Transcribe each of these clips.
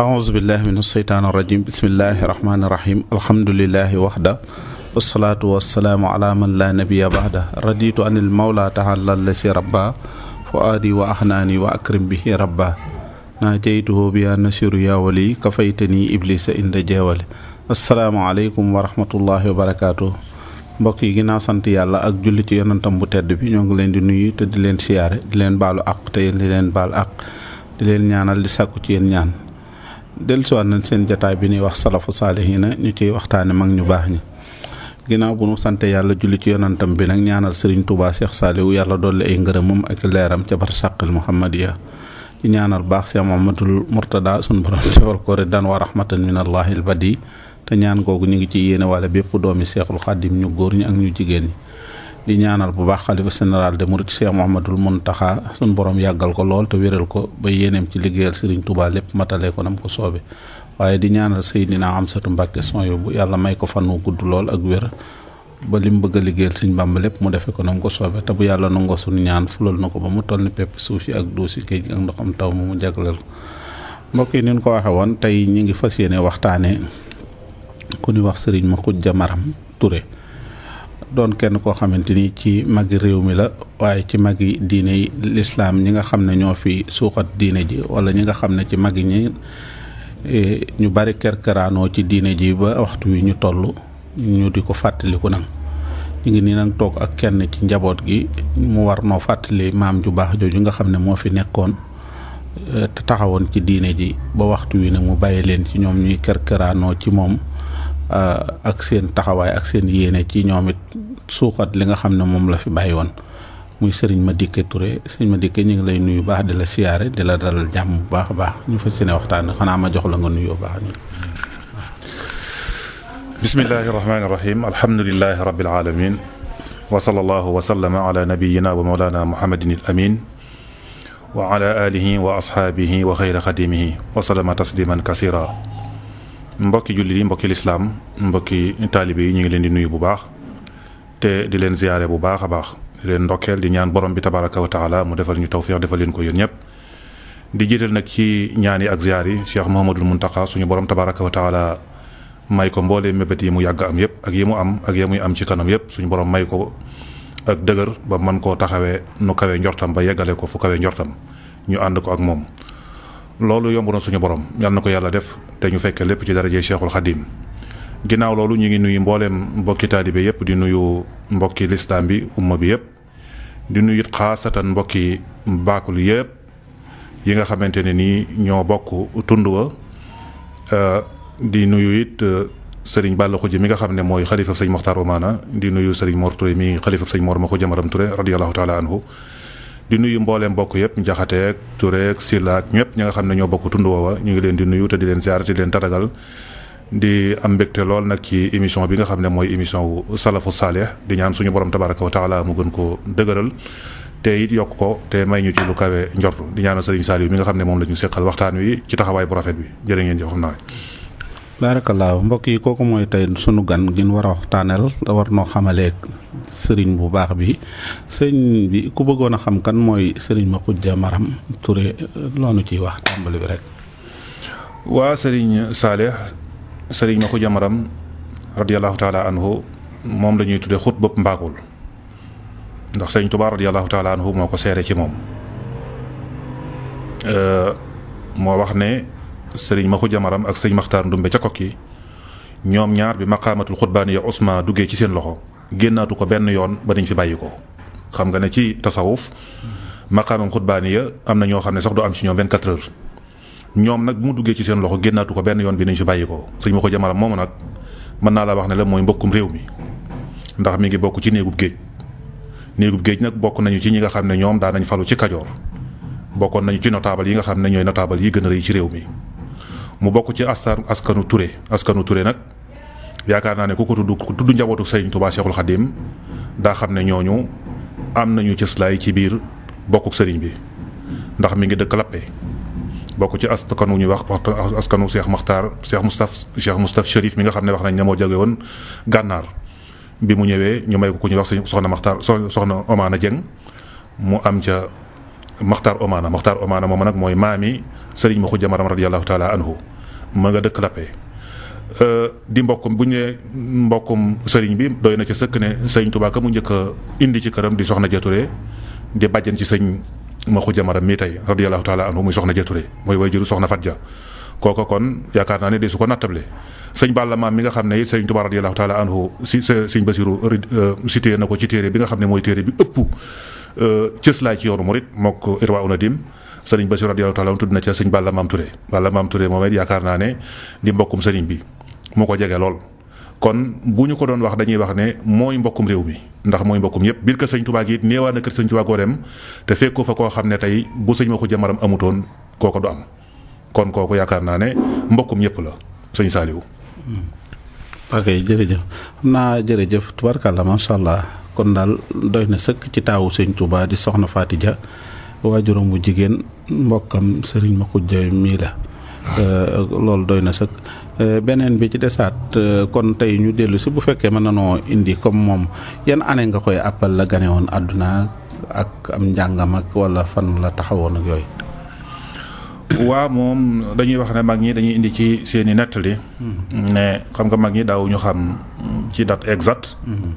ahousubillah min asheytaan irajim bismillahi irahmani irahim alhamdulilahi waxda wasalaatu wasalaamu ala man la nabiya baxda raditu an il mawla taala lasi rabba fuaadi wa ahnaani wa akrim bihi rabba naajeytuhu biya nasiru ya wali kafaytani iblisa inda jeewale asalaamaaleykum wa rahmatullahi wa barakaatu mbokk yi ginnaaw sant yàlla ak julli ci yonantam bu tedd bi ñoo ngi leen di nuyu te di leen siyaare di leen baalu àq te di leen baal àq di leen ñaanal di sàkku ci yéen ñaan dellusiwaat nañ seen jataay bi ñuy wax salafu saalihiina ñu ciy waxtaane mag ñu baax ñi ginnaaw bu nu sante yàlla julli ci yonantam bi nag ñaanal sëriñ Touba Cheikh Saliou yàlla dolli ay ngërëmam ak leeram ca bar sàqil muhammadiya di ñaanal baax Cheikh Mamadul Murtada sun borom defal ko ridan wa rahmatan min allahi al badi te ñaan googu ñu ngi ci yéene wala bépp doomi Cheikhul Xadim ñu góor ñi ak ñu jigéen ñi di ñaanal bu baax xalifa général de Mouride Cheikh Mouhamadul taxa sunu borom yàggal ko lool te wéral ko ba yéeneem ci liggéeyal Serigne Touba lépp matalee ko nam ko soobee waaye di ñaanal Seydina Amsatu Mbàkke son yóbbu yàlla may ko fan wu gudd lool ak wér ba li mu bëgg a liggéeyal Serigne Bamba lépp mu defee ko nam ko soobee te bu yàlla nangoo sunu ñaan fulal na ko ba mu toll ni pepp suuf si ak duusi géej ak ndoxam taw mu mu jagleel ko mbokk yi ni ko waxee woon tey ñu ngi fas yéene waxtaanee ku ñuy wax Serigne Makhoudia Maram Touré. doon kenn koo xamante ni ci magi réew mi la waaye ci magi diine yi lislaam ñi nga xam ne ñoo fi suuxat diine ji wala ñi nga xam ne ci magi ñi e, ñu bari kër këraanoo ci diine ji ba waxtu wi ñu toll ñu di ko fàttaliku nag ñu ngi nii nag toog ak kenn ci njaboot gi mu war noo fàttali maam ju baax jooju nga xam ne moo fi nekkoon e, te taxawoon ci diine ji ba waxtu wi nag mu bàyyi leen ci ñoom ñuy kerkeraanoo ci moom Euh, ak seen taxawaay ak seen yéene ci ñoom it suuxat li nga xam ne moom la fi bàyyi woon muy sëriñ Madické Touré sëriñ Madické ñu ngi lay nuyu baax di la siyaare di la dalal jàmm bu baax a baax ñu fas yéene waxtaan xanaa ma jox la nga nuyoo baax ñun. bismillahi rahmaani rahim alhamdulilahi rabbil alamin wa sallallahu wa sallama wa mawlana muhammadin al amin wa ala alihi kasira mbokki jullit yi mbokki lislaam mbokki taalibe yi ñu ngi leen di nuyu bu baax te di leen ziyaare bu baax a baax leen ndokkeel di ñaan borom bi tabaraka wa taala mu defal ñu tawféex defal leen ko yéen ñëpp di jiital nag ci ñaan yi ak ziyaar yi Cheikh mun Muntaqa suñu borom tabaraka wa taala may ko mboolee mébét yi mu yàgg am yëpp ak yi mu am ak yi muy am ci kanam yëpp suñu borom may ko ak dëgër ba mën koo taxawee nu kawe njortam ba yeggale ko fu njortam ñu ànd ko ak moom loolu yombu na suñu borom yal na ko yàlla def te ñu fekkee lépp ci daraje Cheikhul Xadim ginnaaw loolu ñu ngi nuyu mbooleem mbokki taalibe yëpp di nuyu mbokki lislaam bi umma bi yëpp di nuyu it xaasatan mbokki baakul yëpp yi nga xamante ne nii ñoo bokk tund wa euh, di nuyu it euh, sëriñ Balla Xuji mi nga xam ne mooy xalifa sëñ Moxtaar Omaana di nuyu sëriñ Mor Touré mi xalifab sëñ Mor ma ko jamaram Touré radiallahu taala anhu di nuyu mbooleem mbokk yëpp njaxateeg tureeg silaak ñëpp ñi nga xam ne ñoo bokk tund woowa ñu ngi leen di nuyu te di leen ziar te di leen tatagal di am mbégte lool nag ci émission bi nga xam ne mooy émission wu salafu saalih di ñaan suñu borom tabaraka wa taala mu gën ko dëgëral te it yokk ko te may ñu ci lu kawe njort di ñaan sëriñ Saliou mi nga xam ne moom la ñu seqal waxtaan wi ci taxawaay bu rafet bi jërë ngeen jëf xam naa baarakallaahu mbokk yi kooku mooy tey sunu gan gin war a waxtaaneel war noo xamaleeg sëriñ bu baax bi sëriñ bi ku bëggoon a xam kan mooy sëriñ ma xujja maram Touré loonu ciy wax tàmbali bi rek waa sëriñ Saalix sëriñ ma xujja maram radiallahu taala anhu moom la ñuy tudde xut bëpp mbaakul ndax sëriñ Tuubaa radiallahu taala anhu moo ko seere ci moom euh, moo wax ne sëriñ Maxu Jamaram ak sëñ Maxtaar Ndumbe ca kokki ñoom ñaar bi maqaamatul xutbaani ya Usma duggee ci seen loxo génnaatu ko benn yoon ba dañ fi bàyyi ko xam nga ne ci tasawuf maqaamam xutbaani ya am na ñoo xam ne sax du am ci ñoom 24 heures ñoom nag bu mu duggee ci seen loxo génnaatu ko benn yoon bi nañ fi bàyyi ko sëñ Maxu Jamaram moomu nag mën naa la wax ne la mooy mbokkum réew mi ndax mi ngi bokk ci néegub géej néegub géej nag bokk nañu ci ñi nga xam ne ñoom daan nañ falu ci Kajoor bokkoon nañu ci notable yi nga xam ne ñooy yi gën a rëy ci réew mi mu bokk ci askan askanu Touré askanu Touré nag yaakaar naa ne ku ko tudd ku tudd njabootu Serigne Touba Cheikhul Khadim daa xam ne ñooñu am nañu cëslaay ci biir bokkuk sëriñ bi ndax mi ngi dëkk Lappé bokk ci askanu ñuy wax askanu Cheikh Makhtar Cheikh Moustapha Cheikh Moustapha Chérif mi nga xam ne wax nañ ne moo jóge woon gànnaar bi mu ñëwee ñu may ko ku ñuy wax soxna Makhtar soxna Omana Dieng mu am ca Makhtar Omana Makhtar Omana moom nag mooy maami Serigne Mokhou Jamaram radiyallahu taala anhu ma nga dëkk Lappé euh, di mbokkum bu ñu nee mbokkum sëriñ bi doy na ci sëkk ne sëriñ Tuubaa ka mu njëkk indi ci këram di soxna Jature di bàjjan ci sëñ ma xuja maram mii tey radiyallahu taala anhu muy soxna Jature mooy way juru soxna Fat Ja kooko kon yaakaar naa ne de su ko nattable sëñ Balla maam mi nga xam ne sëriñ Tuubaa radiyallahu taala anhu si sëñ Basiru euh, cité na ko ci téere bi nga xam ne mooy téere bi ëpp euh, cës laay ci yoonu murit mok Irwa sëriñ Bachir radiyallahu taala tudd na ca sëñ Balla Maam Touré Balla mam Touré moom it yaakaar naa ne di mbokkum sëriñ bi moo ko jege lool. kon bu ñu ko doon wax dañuy wax ne mooy mbokkum réew mi ndax mooy mbokkum yëpp biir kër sëñ Tuubaa gi it néewaa na kër sëñ Tuubaa goo dem te fekkoo fa koo xam ne tey bu sëñ ma ko jëmaram amutoon kooko du am kon kooku yaakaar naa ne mbokkum yëpp la sëñ Saaliwu hmm. ok jërëjëf xam naa jërëjëf tubarkàlla macha allah kon daal doy na sëkk ci taawu sëñ Tuubaa di soxna Faati Ja waajuram bu jigéen mbokkam sëriñ ma xujja mii la ah. euh, loolu doy na sëkk euh, beneen bi ci desaat euh, kon tey ñu dellu si bu fekkee mën nanoo indi comme moom yenn année nga koy appal la gane woon àdduna ak am njàngam ak wala fan la taxawoon ak yooyu waa moom dañuy wax ne mag ñi dañuy indi ci seeni nettali hmm. ne xam nga mag ñi daaw ñu xam ci date exacte hmm.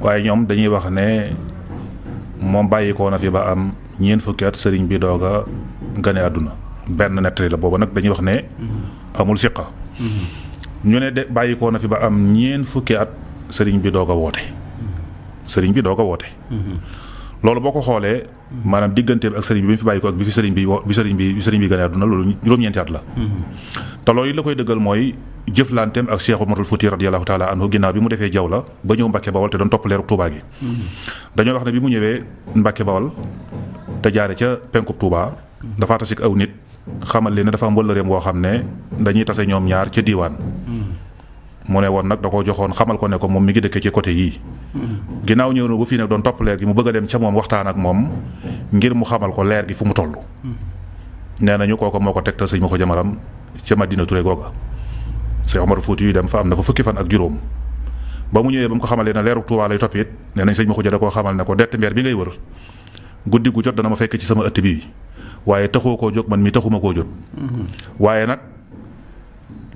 waaye ñoom dañuy wax ne moom bàyyi ko fi ba am ñeent fukki at sëriñ bi doog a gane àdduna benn nettali la booba nag dañuy wax ne amul siqa ñu ne de bàyyi ko na fi ba am ñeent fukki at sëriñ bi doog a woote sëriñ bi doog a woote loolu boo ko xoolee maanaam diggante bi ak sëriñ bi bi mu fi bàyyi ko ak bi fi sëriñ bi wo bi sëriñ bi bi sëriñ bi gane àdduna loolu juróom-ñeenti at la te loolu la koy dëggal mooy jëflanteem ak Cheikh Omarul Fouti radiyallahu taala anhu ginnaaw bi mu defee jaw la ba ñëw Mbàkke Bawal te doon topp leeru Tuubaa gi mm-hmm. dañoo wax ne bi mu ñëwee Mbàkke Bawal te jaare ca penkub Touba. dafa tasik aw nit xamal leen ne dafa am wëllëreem woo xam ne dañuy tase ñoom ñaar ca diiwaan mm. mu ne woon nag da koo joxoon xamal ko ne ko moom mi ngi dëkk ci côté yii mm. ginnaaw ñëw na ba fii ne doon topp leer gi mu bëgg a dem ca moom waxtaan ak moom ngir mu xamal ko leer gi fu mu toll mm. nee nañu kooku moo ko tegtal sëñ ma ko jamaram ca Madina Touré googa Cheikh a Fouti yu dem fa am na fa fukki fan ak juróom ba mu ñëwee ba mu ko xamalee na leeru Touba lay topp it ko jëlee bi ngay wër guddi gu jot dana ma fekk ci sama ëtt bii waaye taxoo koo jóg man mi taxuma koo jot. Mm-hmm. waaye nag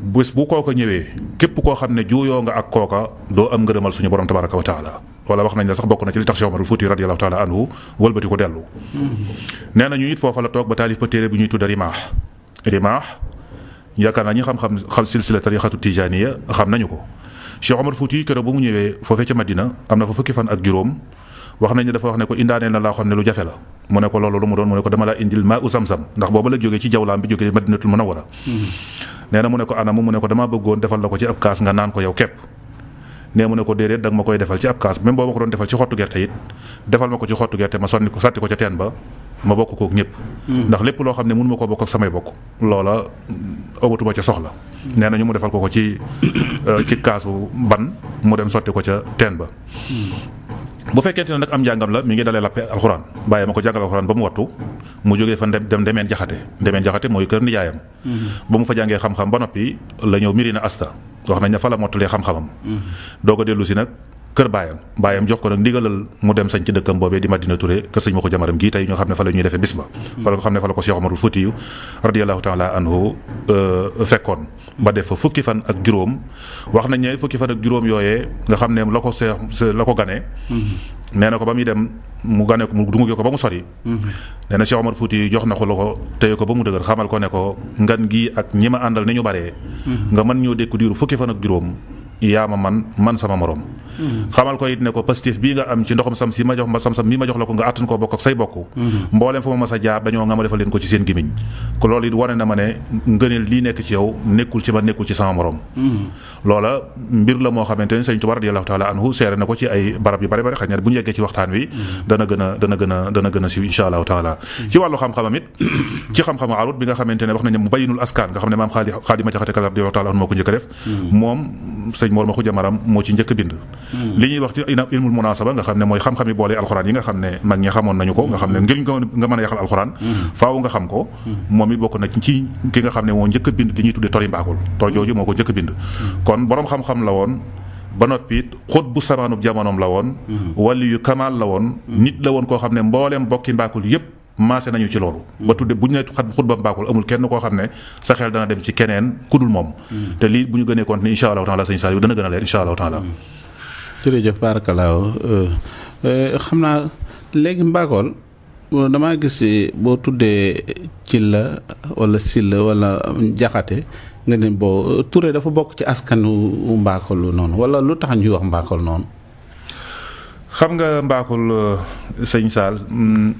bés bu kooka ñëwee képp koo xam ne juuyoo nga ak kooka doo am ngërëmal suñu borom tabaraka wa taala wala wax nañ la sax bokk na ci li tax Cheikh Omar Fuuti radiyallahu taala anhu wëlbati ko dellu. Mm-hmm. nee na ñu it foofa la toog ba taalif ba téere bi ñuy tudd Rimaax Rimaax yaakaar naa ñi xam-xam xam silsila tariqatu tijaaniya xam nañu ko Cheikh Omar Fuuti keroog bu mu ñëwee foofee ca Madina am na fa fukki fan ak juróom wax nañu dafa wax ne ko indaanee na laa xam ne lu jafe la mu ne ko loolu lu mu doon mu ne ko dama laa indil maa u sam-sam ndax booba la jógee ci jawlaam bi jógee madinatul munawwara mm-hmm. nee na mu ne ko anamu mu ne ko damaa bëggoon defal la ko ci ab kaas nga naan ko yow képp nee mu ne ko déedéet da ma koy defal ci ab kaas même boo ma ko doon defal ci xottu gerte it defal ma ko ci xottu gerte ma sonni ko sàtti ko ca teen ba ma bokk kook ñëpp mm-hmm. ndax lépp loo xam ne mënu ma koo bokk ak samay bokk loola obatuma ca soxla mm-hmm. nee na ñu mu defal ko ko ci euh, ci kaasu ban mu dem sotti ko ca teen ba bu fekkente ne nag am jàngam la mu ngi dalee lappe alxuraan bàyyi ma ko jàngal alxuraan ba mu wattu mu jógee fa dem demeen jaxate demeen jaxate mooy kër nijaayam mhm. ba mu fa jàngee xam-xam ba noppi la ñëw mirina asta wax na ne fa la mottalee xam-xamam mhm. doog a dellu si nag kër baayam baayam jox ko nag ndigalal mu dem sañ ci dëkkam boobee di Madina Touré kër sëñ ma ko jamaram gii tey ñoo xam ne fa la ñuy defee bis ba fa la nga xam ne fa la ko Cheikh Omarul Foutiyu radiallahu euh, fekkoon ba def fa fukki fan ak juróom wax na ne fukki fan ak juróom yooyee nga xam ne la ko Cheikh la ko ganee mm-hmm. nee na ko ba mu dem mu gane ko mu dungugee ko ba mu sori mm-hmm. nee na Cheikh Omar Fouti jox na ko la ko téye ko ba mu dëgër xamal ko ne ko ngan gi ak ñi ma àndal ni ñu baree mm-hmm. nga mën ñoo dékku fukki fan ak yaa ma man man sama morom. Mm-hmm. xamal ko it ne ko positif bii nga am ci ndoxam sam si ma jox ma sam sam mii ma jox la ko nga àttan koo bokk ak say bokk. Mm-hmm. mbooleem fu ma mas a jaar dañoo nga ma defal ko ci seen gimiñ loolu it na ma ne ngëneel lii nekk ci yow nekkul ci ma nekkul ci sama morom. Mm-hmm. loola mbir la moo xamante ne sëñ Tuubaa radiyallaahu taala anhu seere na ko ci ay barab yu bari bari xëy bu ñu yeggee ci waxtaan wi. dana gën a dana gën a a a sëñ Mor Maxuja Maram moo ci njëkk bind hmm. li ñuy wax ci ilmul munasaba nga xam ne mooy xam-xami boole alxuraan yi nga xam ne mag ñi xamoon nañu ko nga xam ne ngir nga mën a yaxal alxuraan hmm. faaw nga xam ko hmm. moom it bokk na ci ki nga xam ne moo njëkk bind li ñuy tudde tori mbaakul tor jooju moo ko njëkk bind kon borom xam-xam la woon ba noppi it bu samaanub jamonoom la woon wàllu yu kamaal la woon nit la woon koo xam ne mbooleem bokki mbaakul yépp maase nañu ci loolu. ba tudde bu ñu nee xat xutba mbaakul amul kenn koo xam ne sa xel dana dem ci keneen kudul moom. Mm. te lii bu ñu gënee continuer incha allahu taala sëñ Saliou dana gën a leer incha allahu mm. euh, euh, naa léegi mbaakool damaa gis boo tuddee ci la wala silla wala jaxate nga ne dafa bokk ci askanu mbaakol noonu wala lu tax ñuy wax mbaakol noonu. nga mbaakol euh,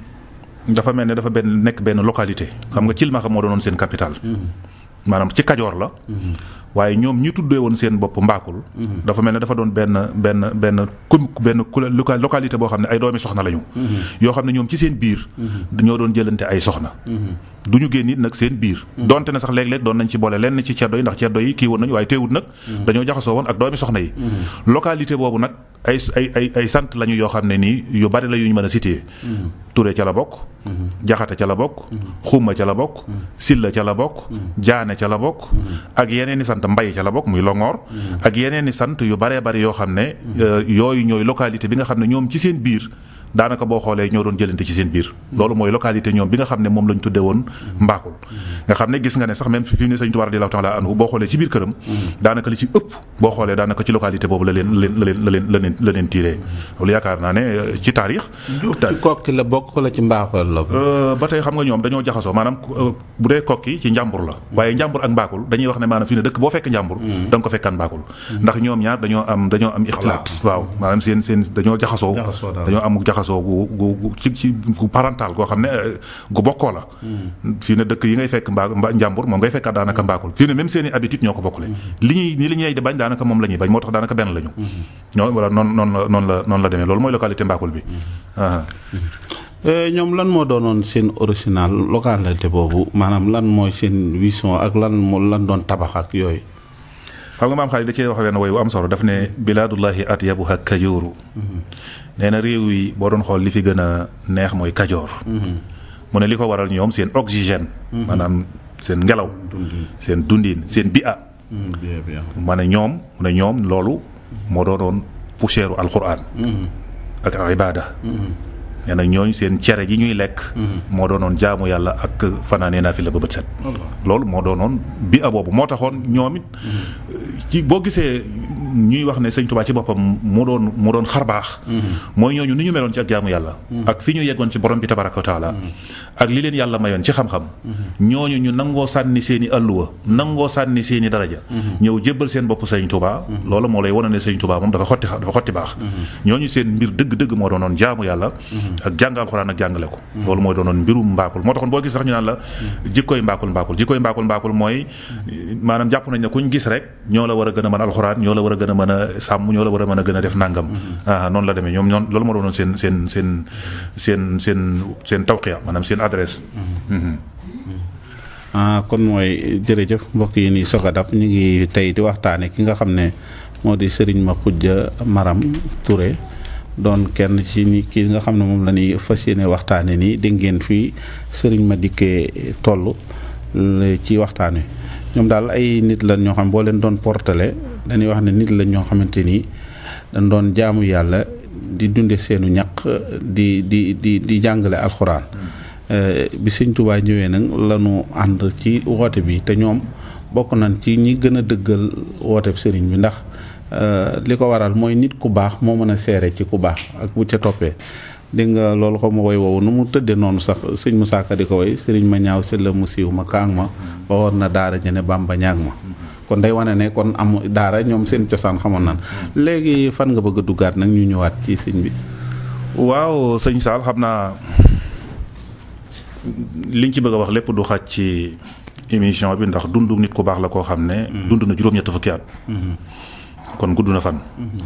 dafa mel ne dafa benn nekk benn localité xam nga Cilmaxa moo doonoon seen capital mm-hmm. maanaam ci Kajoor la mm-hmm. waaye ñoom ñi tuddee woon seen bopp mbaakul mm-hmm. dafa mel ne dafa doon benn benn benn com benn localité boo xam ne ay doomi soxna lañu yoo xam ne ñoom ci seen biir dañoo doon jëlante ay soxna du ñu génn it nag seen biir donte na sax léeg-léeg doon nañ ci boole lenn ci ceddo yi ndax ceddo yi kii woon nañu waaye teewut nag dañoo jaxasoo woon ak doomi soxna yi localité boobu nag ay ay ay ay sant lañu yoo xam ne nii yu bari la yu ñu mën a cité Touré ca la bokk jaxata ca la bokk xuma ca la bokk silla ca la bokk jaane ca la bokk ak yeneen i sant mbay ca la bokk muy longoor ak yeneen i sant yu baree bari yoo xam ne euh, yooyu ñooy localité bi nga xam ne ñoom ci seen biir daanaka boo xoolee ñoo doon jëlante ci seen biir loolu mooy localité ñoom bi nga xam ne moom lañ tudde woon mbaakul nga xam ne gis nga ne sax même fi mu ne sëñ Tuubaa radiyallaahu taala anhu boo xoolee ci biir këram daanaka li ci ëpp boo xoolee daanaka ci localité boobu la leen la leen la leen la leen la leen yaakaar naa ne euh, ci taarix ci kokki la bokk la ci mbaakul la ba tey xam nga ñoom dañoo jaxasoo maanaam euh, bu dee kokki ci njàmbur la waaye njàmbur ak mbaakul dañuy wax ne maanaam fi ne boo fekk njàmbur mm. da nga ko fekkaan mbaakul ndax ñoom ñaar dañoo am dañoo am ixtilaat waaw soo gu gu gu ci gu parental goo xam ne gu bokkoo la. Mm. fii ne dëkk yi ngay fekk mbaa mbaa njàmbur moom ngay fekkaat daanaka mm. mbaakul fii ne même seeni i habitude ñoo ko bokkule. Mm-hmm. li ñuy ni li ñuy bañ daanaka moom la ñuy bañ moo tax daanaka benn la mm-hmm. ñoo voilà noonu noonu la la noonu la demee loolu mooy localité mbaakul mm-hmm. ah. eh, ñoom lan moo doonoon seen original localité boobu maanaam lan mooy seen vision ak lan lan doon tabax ak yooyu. xam nga maam xaalis da cee wax wenn woy wu am solo daf ne bilaadullahi atyabuha kayooru nee na réew yi boo doon xool li fi gën a neex mooy kajoor mhm. mu ne li ko waral ñoom seen oxygène mhm. maanaam seen ngelaw seen dundin seen bi a mhm, ma ne ñoom mu ne ñoom loolu moo doonoon poussière alquran ak ibada nee na ñooñ seen cere ji ñuy lekk moo doonoon jaamu yàlla ak fanaanee naa fi la ba set loolu moo doonoon bi a boobu moo taxoon ñoom boo gisee ñuy mm-hmm. ñu mm-hmm. wa taala mm-hmm. ak li leen yàlla mayoon ci xam-xam ñooñu ñu nangoo sànni seeni alluwa nangoo sànni seeni daraja ñëw jébbal seen bopp sëñ Tuubaa loolu moo lay wane ne sëñ Tuubaa moom dafa xotti dafa xotti baax ñooñu seen mbir dëgg-dëgg moo doonoon jaamu yàlla ak jàng alxuraan ak jàngale ko loolu mooy doonoon mbirum mbaakul moo taxoon boo gis sax ñu naan la jikkooy mbaakul mbaakul jikkooy mbaakul mbaakul mooy maanaam jàpp nañ ne kuñ gis rek ñoo la war a gën a alxuraan ñoo la war a gën a mën a sàmm ñoo la war a mën a gën a def nàngam mm-hmm. a ah, noonu la demee ñoom ñoon loolu moo doonoon seen seen seen seen seen seen tawqiya maanaam seen adresse mm-hmm. Mm-hmm. ah kon mooy jërëjëf mbokk yi nii soog a dab ñu ngi tey di waxtaane ki nga xam ne moo di Serigne Makhoudia Maram Touré doon kenn ci ni ki nga xam ne moom la ñuy fas yéene waxtaane nii dégg ngeen fii sëriñ ma dikkee toll ci waxtaan wi ñoom daal ay nit lan ñoo xam boo leen doon portale dañuy wax na nit la ñoo xamante ni dañ doon jaamu yàlla di dunde seenu ñaq di di di di jàngale alxuraan. Eh, bi sëñ Tuubaa ñëwee nag lanu ànd ci woote bi te ñoom bokk nañ ci ñi gën a dëggal woote sëriñ bi ndax eh, li ko waral mooy nit ku baax moo mën a seere ci ku baax ak bu ca toppee. dégg nga loolu xaw ma woy woowu nu mu tëddee noonu sax sëñ mu Ka di ko woy sëriñ ma ñaaw sëlla mu siiw ma kaang ma ba war na daara jëne bamba ñaag ma kon day wane ne kon am daara ñoom seen cosaan xamoon naan léegi fan nga bëgg a duggaat nag ñu ñëwaat ci sëñ bi. waaw sëñ Saal xam naa liñ ci bëgg a wax lépp du xaj ci émission bi ndax dundu nit ku baax la koo xam ne. Mhm. dund na juróom-ñett fukki at. Mhm. kon gudd na fan. Mhm.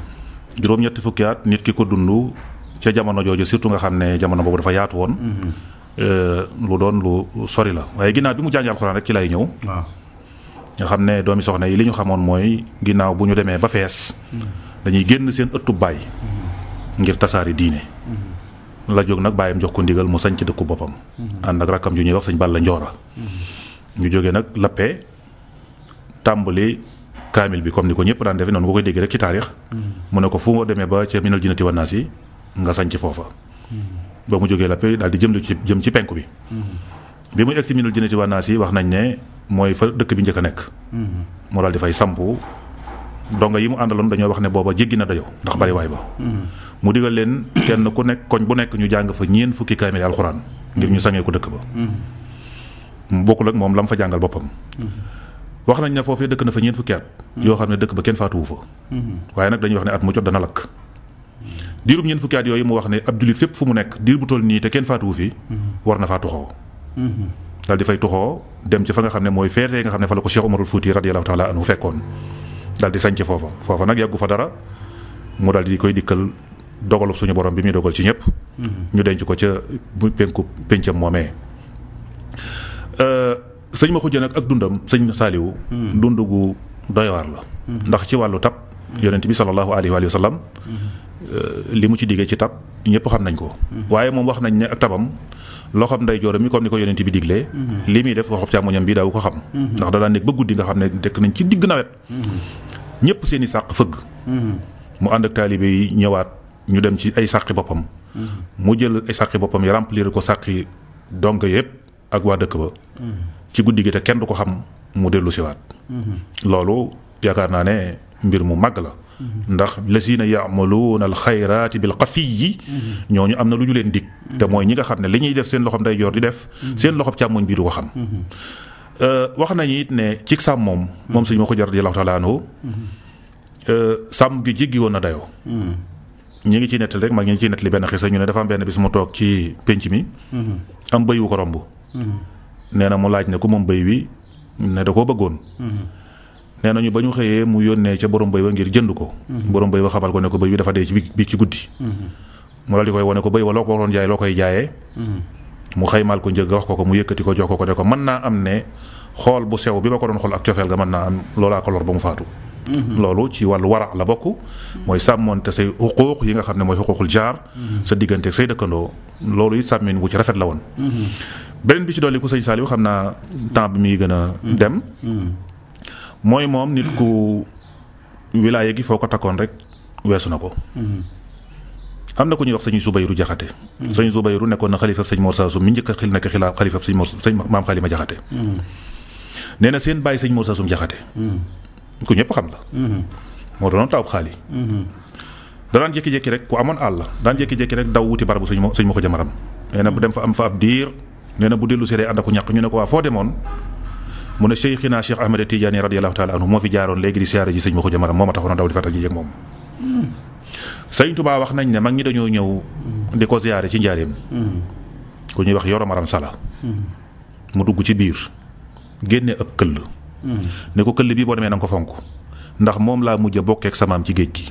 juróom-ñett fukki at nit ki ko dund ca jamono jooju surtout nga xam ne jamono boobu dafa yaatu woon. Euh, lu doon lu sori la waaye ginnaaw bi mu jàngi alxuraan rek ci lay ñëw. nga xam ne doomi soxna yi li ñu xamoon mooy ginnaaw bu ñu demee ba fees dañuy génn seen ëttu baay ngir tasaari diine la jóg nag bàyyam jox ko ndigal mu sañc dëkku boppam ànd ak rakkam ju ñuy wax sëñ Balla Njoora ñu jógee nag lappee tàmbali kaamil bi comme ni ko ñëpp daan defee noonu nga koy dégg rek ci taarix mu ne ko fu nga demee ba ca minal jinati wannaas yi nga sañc foofa ba mu jógee lappee daal di jëm ci jëm ci penku bi mm-hmm. bi muy egsi minal jinati wannaas wax nañ ne mooy fa dëkk bi njëkk a nekk. Mm-hmm. moo daal di fay sampu donga yi mu àndaloon dañoo wax ne booba jéggi na dayo ndax mm-hmm. bari waay ba. Mm-hmm. mu digal leen kenn ku nekk koñ bu nekk ñu jàng fa ñeen fukki kaamil alxuraan ngir ñu sañee ko dëkk ba. mu bokkul ak moom lam fa jàngal boppam. wax nañ ne foofee dëkk na fa ñeen fukki at. yoo xam ne dëkk ba kenn faatuwu fa. waaye nag dañu wax ne at mu jot dana lakk. diirub ñeen fukki at yooyu mu wax ne ab jullit fépp fu mu nekk diir bu toll nii te kenn faatuwu fi. war na faa tuxoo daal di fay tuxoo dem ci fa nga xam ne mooy feetee nga xam ne fa la ko Cheikh Umarul Fouti radiyallahu taala anhu fekkoon daal di sañ sanc foofa foofa nag yàggu fa dara mu daal di koy dikkal dogalu suñu borom bi muy dogal ci ñëpp. Mm-hmm. denc ko ca penku pencam moomee. Euh, sëñ ma xujje nag ak dundam sëñ saaliwu mm-hmm. dund gu doy waar mm-hmm. ci wàllu tab. yonent bi sallallahu alayhi wa sallam. Euh, li mu ci diggee ci tab ñëpp xam nañ ko. waaye moom wax nañ ne ak tabam. loxob ndeyjooram mi comme ni ko yonent bi diglee mhm. li muy def loxob càmmoñam bi daawu ko xam mhm. ndax da daan nekk ba guddi nga xam ne dekk nañ ci digg nawet mhm. ñëpp seen i sàq fëgg mu ànd ak taalibe yi ñëwaat ñu dem ci ay sàqi boppam mu jël ay sàqi boppam yi remplir ko sàqi donk yëpp ak waa dëkk ba ci guddi gi te kenn du ko xam mu dellu siwaat loolu yaakaar naa ne mbir mu màgg la ndax lasina yaamaluuna alxayraati bil xafiyi ñooñu am na lu ñu leen dig te mooy ñi nga xam ne li ñuy def seen loxob nday joor di def seen loxob càmmoñ bi du ko xam euh, wax nañu it ne cig sàmm moom moom sëñ moo ko jar radiyallahu taala anhu euh, sàmm gi jéggi woon na dayoo ñi ngi ciy nettali rek mag ñi ngi ciy nettali benn xisa ñu ne dafa am bi su mu toog ci pénc mi am bëy wu ko romb mm-hmm. nee na mu laaj ne ku moom bëy wi ne da koo bëggoon mm-hmm. nee nañu ba ñu xëyee mu yónnee ca borom bëy wa ngir jënd ko. Mhm. borom bëy wa xamal ko ne ko bëy bi dafa dee ci bi ci guddi. Mhm. mu daal di koy wone ko bëy wa loo ko waroon jaay loo koy jaayee. Mhm. mu xaymaal ko njëg wax ko ko mu yëkkati ko jox ko ko ne ko mën naa am ne xool bu sew bi ma ko doon xool ak cofeel ga mën naa am loolaa ko lor mu faatu. loolu ci wàllu wara la bokk. mooy te sa xuquuq yi nga xam ne mooy xuquuqul jaar. sa diggante say dëkkandoo loolu it sàmmin wu ci rafet la woon. beneen bi ci dolli ku sëñ Saliou xam naa temps bi muy gën a dem. mooy moom nit ku wilaaya gi foo ko takkoon rek weesu na ko. Mm-hmm. am na ku ñu wax sëñ Soubayrou Jaxate. Mm-hmm. sëñ Soubayrou nekkoon na xalifab sëñ Mor Sassoum mi njëkk a xil nekk xilaaf xalifab sëñ Mor sëñ maam Xalima Jaxate. Mm-hmm. nee na seen bàyyi sëñ Mor Sassoum Jaxate. ku ñëpp xam la. moo doon taw xaali. danaan jékki-jékki rek ku amoon àll daan jékki jekki rek daw wuti barabu sëñ ma sëñ ma jamaram nee na bu dem fa am fa ab diir nee bu dellu see day ànd ak ñàkk ñu ne ko waa foo demoon mu ne Cheikhina Cheikh Ahmed Tidiane radiyallahu taala anhu moo fi jaaroon léegi di siyaare ji sëñ ma a maram moo ma taxoon daw di fàttali ñu yëg moom sëñ Tuubaa wax nañ ne mag ñi dañoo ñëw di ko siyaare ci njaareem ku ñuy wax yoro maram sala mu dugg ci biir génne ab këll ne ko këll bii boo demee na ko fonk ndax moom laa mujj a bokkeek samaam ci géej gi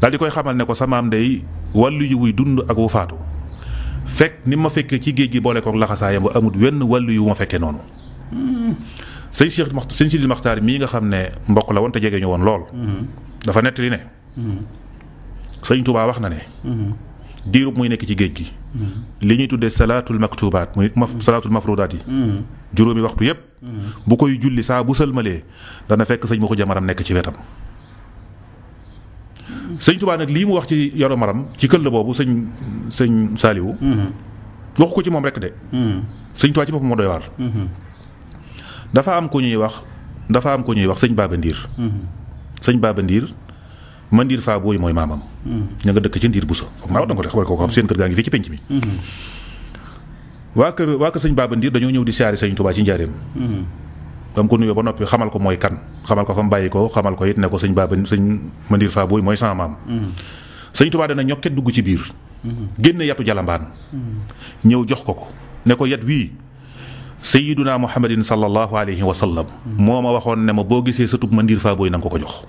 daal di koy xamal ne ko samaam day wàllu yu wuy dund ak wu faatu fekk ni ma fekkee ci géej gi boole kook laxasaayam ba amut wenn wàllu yu ma fekkee noonu sëñ Cheikh Makhtar sëñ Sidil Makhtar mii nga xam ne mboq la woon te jege ñu woon lool. dafa nettali ne. sëñ Touba wax na ne. diirub muy nekk ci géej gi. li ñuy tuddee salaatul maktubaat muy maf salaatul mafrudaat yi. juróomi waxtu yépp bu koy julli saa bu sëlmalee dana fekk sëñ Moukhou Jamaram nekk ci wetam. sëñ Touba nag lii mu wax ci yoro maram ci këll boobu sëñ sëñ Saliou. Mm-hmm. waxu ko ci moom rek de. Mm-hmm. sëñ Touba ci boppam moo doy waar. Mm-hmm. dafa am ko ñuy wax dafa am ku ñuy wax sëñ Baba mm-hmm. sëñ baabandiir ma Ndiir faa booy mooy maamam. Mm-hmm. ña nga dëkk ci Ndiir Bousso foog maa war na ko xam ko xam seen kër gaa ngi fii ci penc mi. Mm-hmm. waa kër waa kër sëñ Baba Ndiir dañoo ñëw di siyaare sëñ Touba ci njaareem. ba ko nuyoo ba noppi xamal ko mooy kan xamal ko fa mu bàyyi ko xamal ko it ne ko sëñ Baba sëñ ma Ndiir faa booy mooy saa maam. sëñ Touba dana ñokket dugg ci biir. génne yatu jalambaan. ñëw jox ko ko ne ko yat wii. sayyiduna muhammadin sallallahu alayhi wa sallam moo ma waxoon ne ma boo gisee sa Mandiir Faa Booy na nga ko ko jox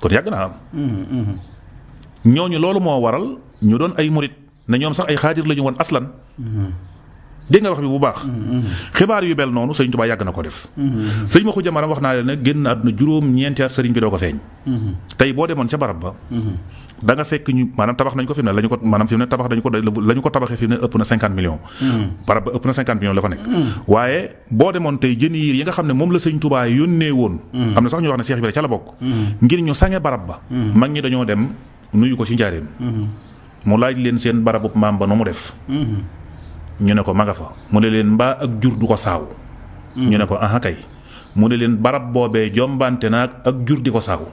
kon yàgg naa am ñooñu loolu moo waral ñu doon ay murit na ñoom sax ay xaadir lañu ñu woon aslan dégg wax bi bu baax xibaar yu bel noonu sëñ Tuubaa yàgg na ko def sëñ ma ko maram wax naa leen ne génn àdduna juróom ñeenti at sëriñ bi doo ko feeñ tey boo demoon ca barab ba da fekk ñu maanaam tabax nañ ko fi mu ne lañu ko maanaam fi mu ne tabax dañu ko la ñu ko tabaxee fi mu ne ëpp na 50 millions. Hmm. par rapport ëpp na 50 millions la fa nekk. Hmm. waaye boo demoon tey jën yi nga xam ne moom la sëñ Touba yónnee woon. Hmm. am na sax ñu wax ne Cheikh Ibrahima ca la bokk. ngir ñu sañe barab ba. mag ñi dañoo dem nuyu ko ci njaareem. mu laaj leen seen barabub maam ba nu mu def. ñu ne ko ma fa mu ne leen mbaa ak jur du ko saaw. ñu ne ko aha kay mu ne leen barab boobee jombante naag ak jur di ko saaw.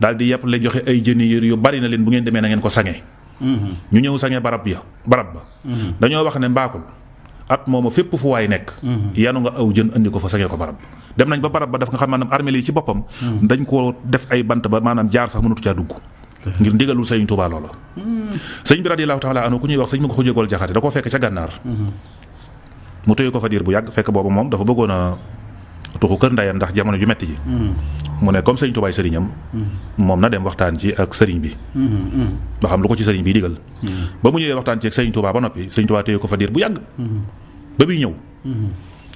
daal di yàpp la joxe ay jëni yër yu bari na leen bu ngeen demee na ngeen ko sange mhm. ñu ñëw sange barab ba mhm. dañoo wax ne mbaakul at moomu fépp fu waay nekk mhm. yanu nga aw jën andi ko fa sange ko barab dem nañ ba barab ba daf nga xam maanaam armeel yi ci boppam dañ ko def ay bant ba maanaam jaar sax mënatu caa dugg ngir ndigalul sëñ Tuubaa loola sëñ bi radiyallaahu taala ku ñuy wax sëñ mu ko xujeegool jaxate da ko fekk ca gànnaar mu tëye ko fa diir bu yàgg fekk boobu moom dafa bëggoon tuxu kër ndayam ndax jamono ju metti ji mm-hmm. mu ne comme sëriñ tubaay sëriñam mm-hmm. moom na dem waxtaan ci ak sëriñ bi mm-hmm. ba xam lu ko ci sëriñ bi digal ba mu ñëwee waxtaan ci ak sëriñ tubaa ba noppi sëriñ tubaa téye ko fa diir bu yàgg ba muy ñëw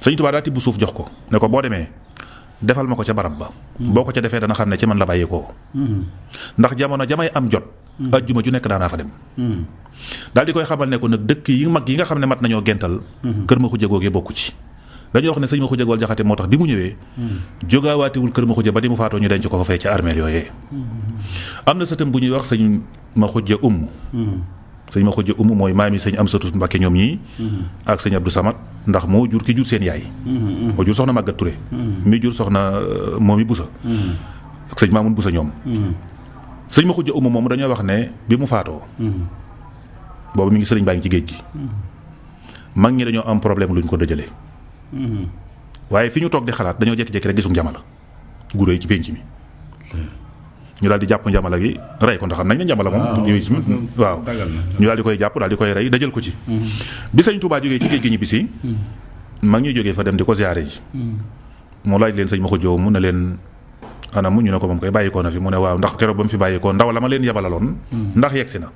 sëriñ tubaa daa tibb suuf jox ko ne ko boo demee defal ma ko ca barab ba boo ko ca defee dana xam ne ci man la bàyyi koo ndax jamono jamay am jot ajjuma ju nekk daanaa fa dem daal di koy xamal ne ko nag dëkk yi mag yi nga xam ne mat nañoo gental kër ma ko jegoo gi ci dañoo wax ne sëñ Maxuja Gawal Jaxate moo tax bi mu ñëwee jógaawaatewul kër Maxuja ba di mu faatoo ñu denc ko fa fee ca armeel yooyee am na sëtam bu ñuy wax sëñ Maxuja umm sëñ Maxuja umm mooy maam yi sëñ Amsatu Mbàkke ñoom ñii ak sëñ Abdou Samad ndax moo jur ki jur seen yaay moo jur soxna Màggat Ture mi jur soxna euh, moom i Busa ak sëñ Maamun Busa ñoom sëñ Maxuja umm moom dañoo wax ne bi mu faatoo boobu mi ngi sëriñ baa ngi ci géej gi mag ñi dañoo am problème luñ ko dëjale waaye fi ñu toog di xalaat dañoo jékki-jékki rek gisu njamala gu rëy ci penc mi. ñu daal di jàpp njamala gi rey ko ndax xam nañ ne njamala moom. waaw ñu daal di koy jàpp daal di koy rey dajal ko ci. Mm-hmm. bi sëñ Touba jógee ci géej gi mm-hmm. mag ñuy jógee fa dem di ko ziare ji. Mm-hmm. mu leen sëñ ma ko jow mu ne leen anam ñu ne ko moom koy bàyyikoo na fi mu ne waaw ndax keroog ba mu fi bàyyikoo ndaw la ma leen yabalaloon. ndax yegsi na.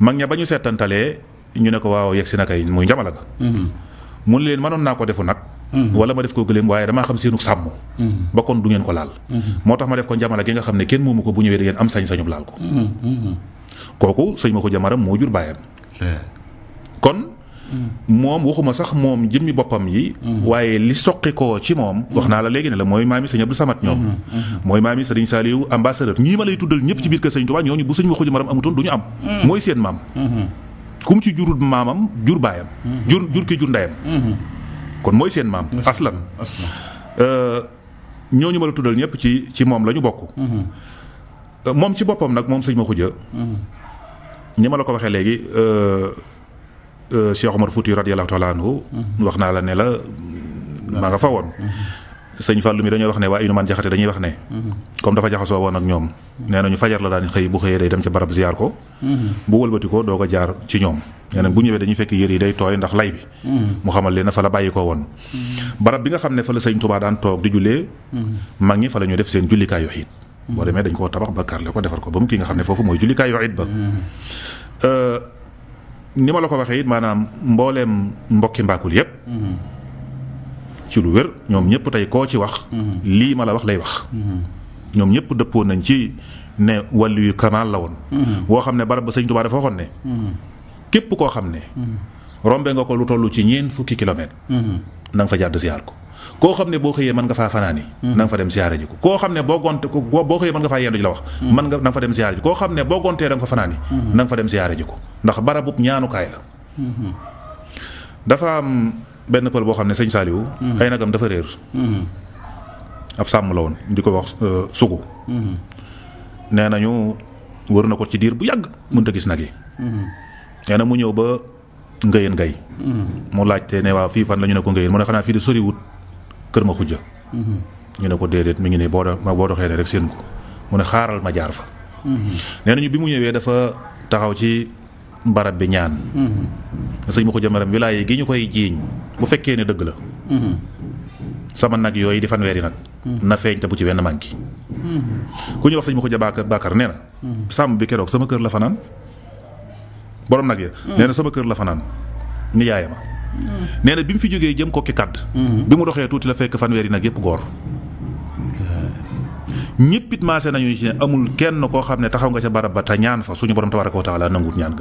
mag ña ba ñu seetantalee ñu ne ko waaw yegsi na kay muy njamala ga mun leen manoon naa ko defu nag mhm. wala ma def ko gëléem waaye damaa xam seenu sàmm mhm. ba kon du ngeen ko laal mhm. moo tax ma def ko njamala gi nga xam ne kenn moomu ko bu ñëwee da ngeen am sañ-sañub laal ko kooku sëñ ma ko jamaram moo jur bàyyam kon moom waxuma sax moom jëmmi boppam yi waaye li soqi koo ci moom wax naa la léegi ne la mooy maami sëñ Abdou Samad ñoom mooy maami sëriñ Saliou ambassadeur ñii ma lay tuddal ñëpp ci biir kër sëñ Tuubaa ñooñu bu sëñ ma ko jamaram amutoon du ñu am mooy seen maam kum ci jurul maamam jur baayam. Mhm. jur jur ki jur ndeyam. Mhm. kon mooy seen maam. aslan euh, ñooñu ma la tuddal ñëpp ci ci moom la ñu bokk. Mhm. Euh, moom ci boppam nag moom sëñ ma xuja ñi ma la ko waxee léegi euh, Cheikh Omar Fouti radiyallahu taala anhu wax naa la ne la nga fa woon. sëñ Fallou mi dañuy wax ne waa Inoumane Jaxate dañuy wax ne. Mhm. comme dafa jaxasoo woon ak ñoom. nee nañu fajar la daan xëy bu xëyee day dem ca barab ziar ko. Mhm. bu wëlbati ko doo a jaar ci ñoom. nee bu ñëwee dañu fekk yër yi day tooy ndax lay bi. Mhm. mu xamal leen fa la bàyyi ko woon. barab bi nga xam ne fa la sëñ tubaa daan toog di jullee. mag ñi fa la ñu def seen jullikaayu xiit. boo demee dañ koo tabax ba karle ko defar ko ba mu kii nga xam ne foofu mooy jullikaayu xiit ba. Euh, ni ma la ko waxee maanaam mbooleem mbokki mbaakul yépp ci lu wér ñoom ñëpp tey koo ci wax. Mhm. lii ma la wax lay wax. Mhm. ñoom ñëpp dëppoo nañ ci ne wàllu yu kamaal la woon. Mhm. woo xam ne barab ba sëñ Tuubaa dafa waxoon ne. képp koo xam ne. rombe nga ko lu toll ci ñeent fukki kilomètre. na nga fa koo xam ne boo xëyee mën nga faa fanaani na nga fa koo xam ne boo gonte boo xëyee mën nga faa la wax mën nga na koo xam ne boo gontee da nga fa fanaani ko ndax barabub ñaanukaay la dafa am benn pël boo xam ne sëñ Saaliwu mhm. ay nagam dafa réer mhm. ab sàmm la woon di ko wax euh, sugu mhm. nee nañu wër na ko ci diir bu yàgg mun a gis nag yi nee na mu ñëw ba ngëyeen ngay mu laajte ne waa fii fan la ñu ne ko ngëyeen mu ne xanaa fii di soriwut kër ma xujja ñu ne ko déedéet mu ngi ne boo boo doxee ne rek seen ko mu ne xaaral ma jaar fa nee nañu bi mu ñëwee dafa taxaw ci barab bi ñaan mm-hmm. sëñ ma ko jëmaram wilaaye gi ñu koy jiiñ bu fekkee ne dëgg la mm-hmm. sama nag yooyu di fanweeri nag mm-hmm. na feeñ te bu ci wenn manki ku ñuy wax sëñ ma ko ja Bakar nee na sàmm bi keroog sama kër la fanaan borom nag ya nee na sama kër la fanaan nijaayama nee na bi mu fi jógee jëm kokki kàdd bi mu doxee tuuti la fekk fanweeri nag yépp góor ñëpp it maase nañu ci ne amul kenn koo xam ne taxaw nga ca barab ba te ñaan fa suñu borom tabaraka wa taala nangut ñaan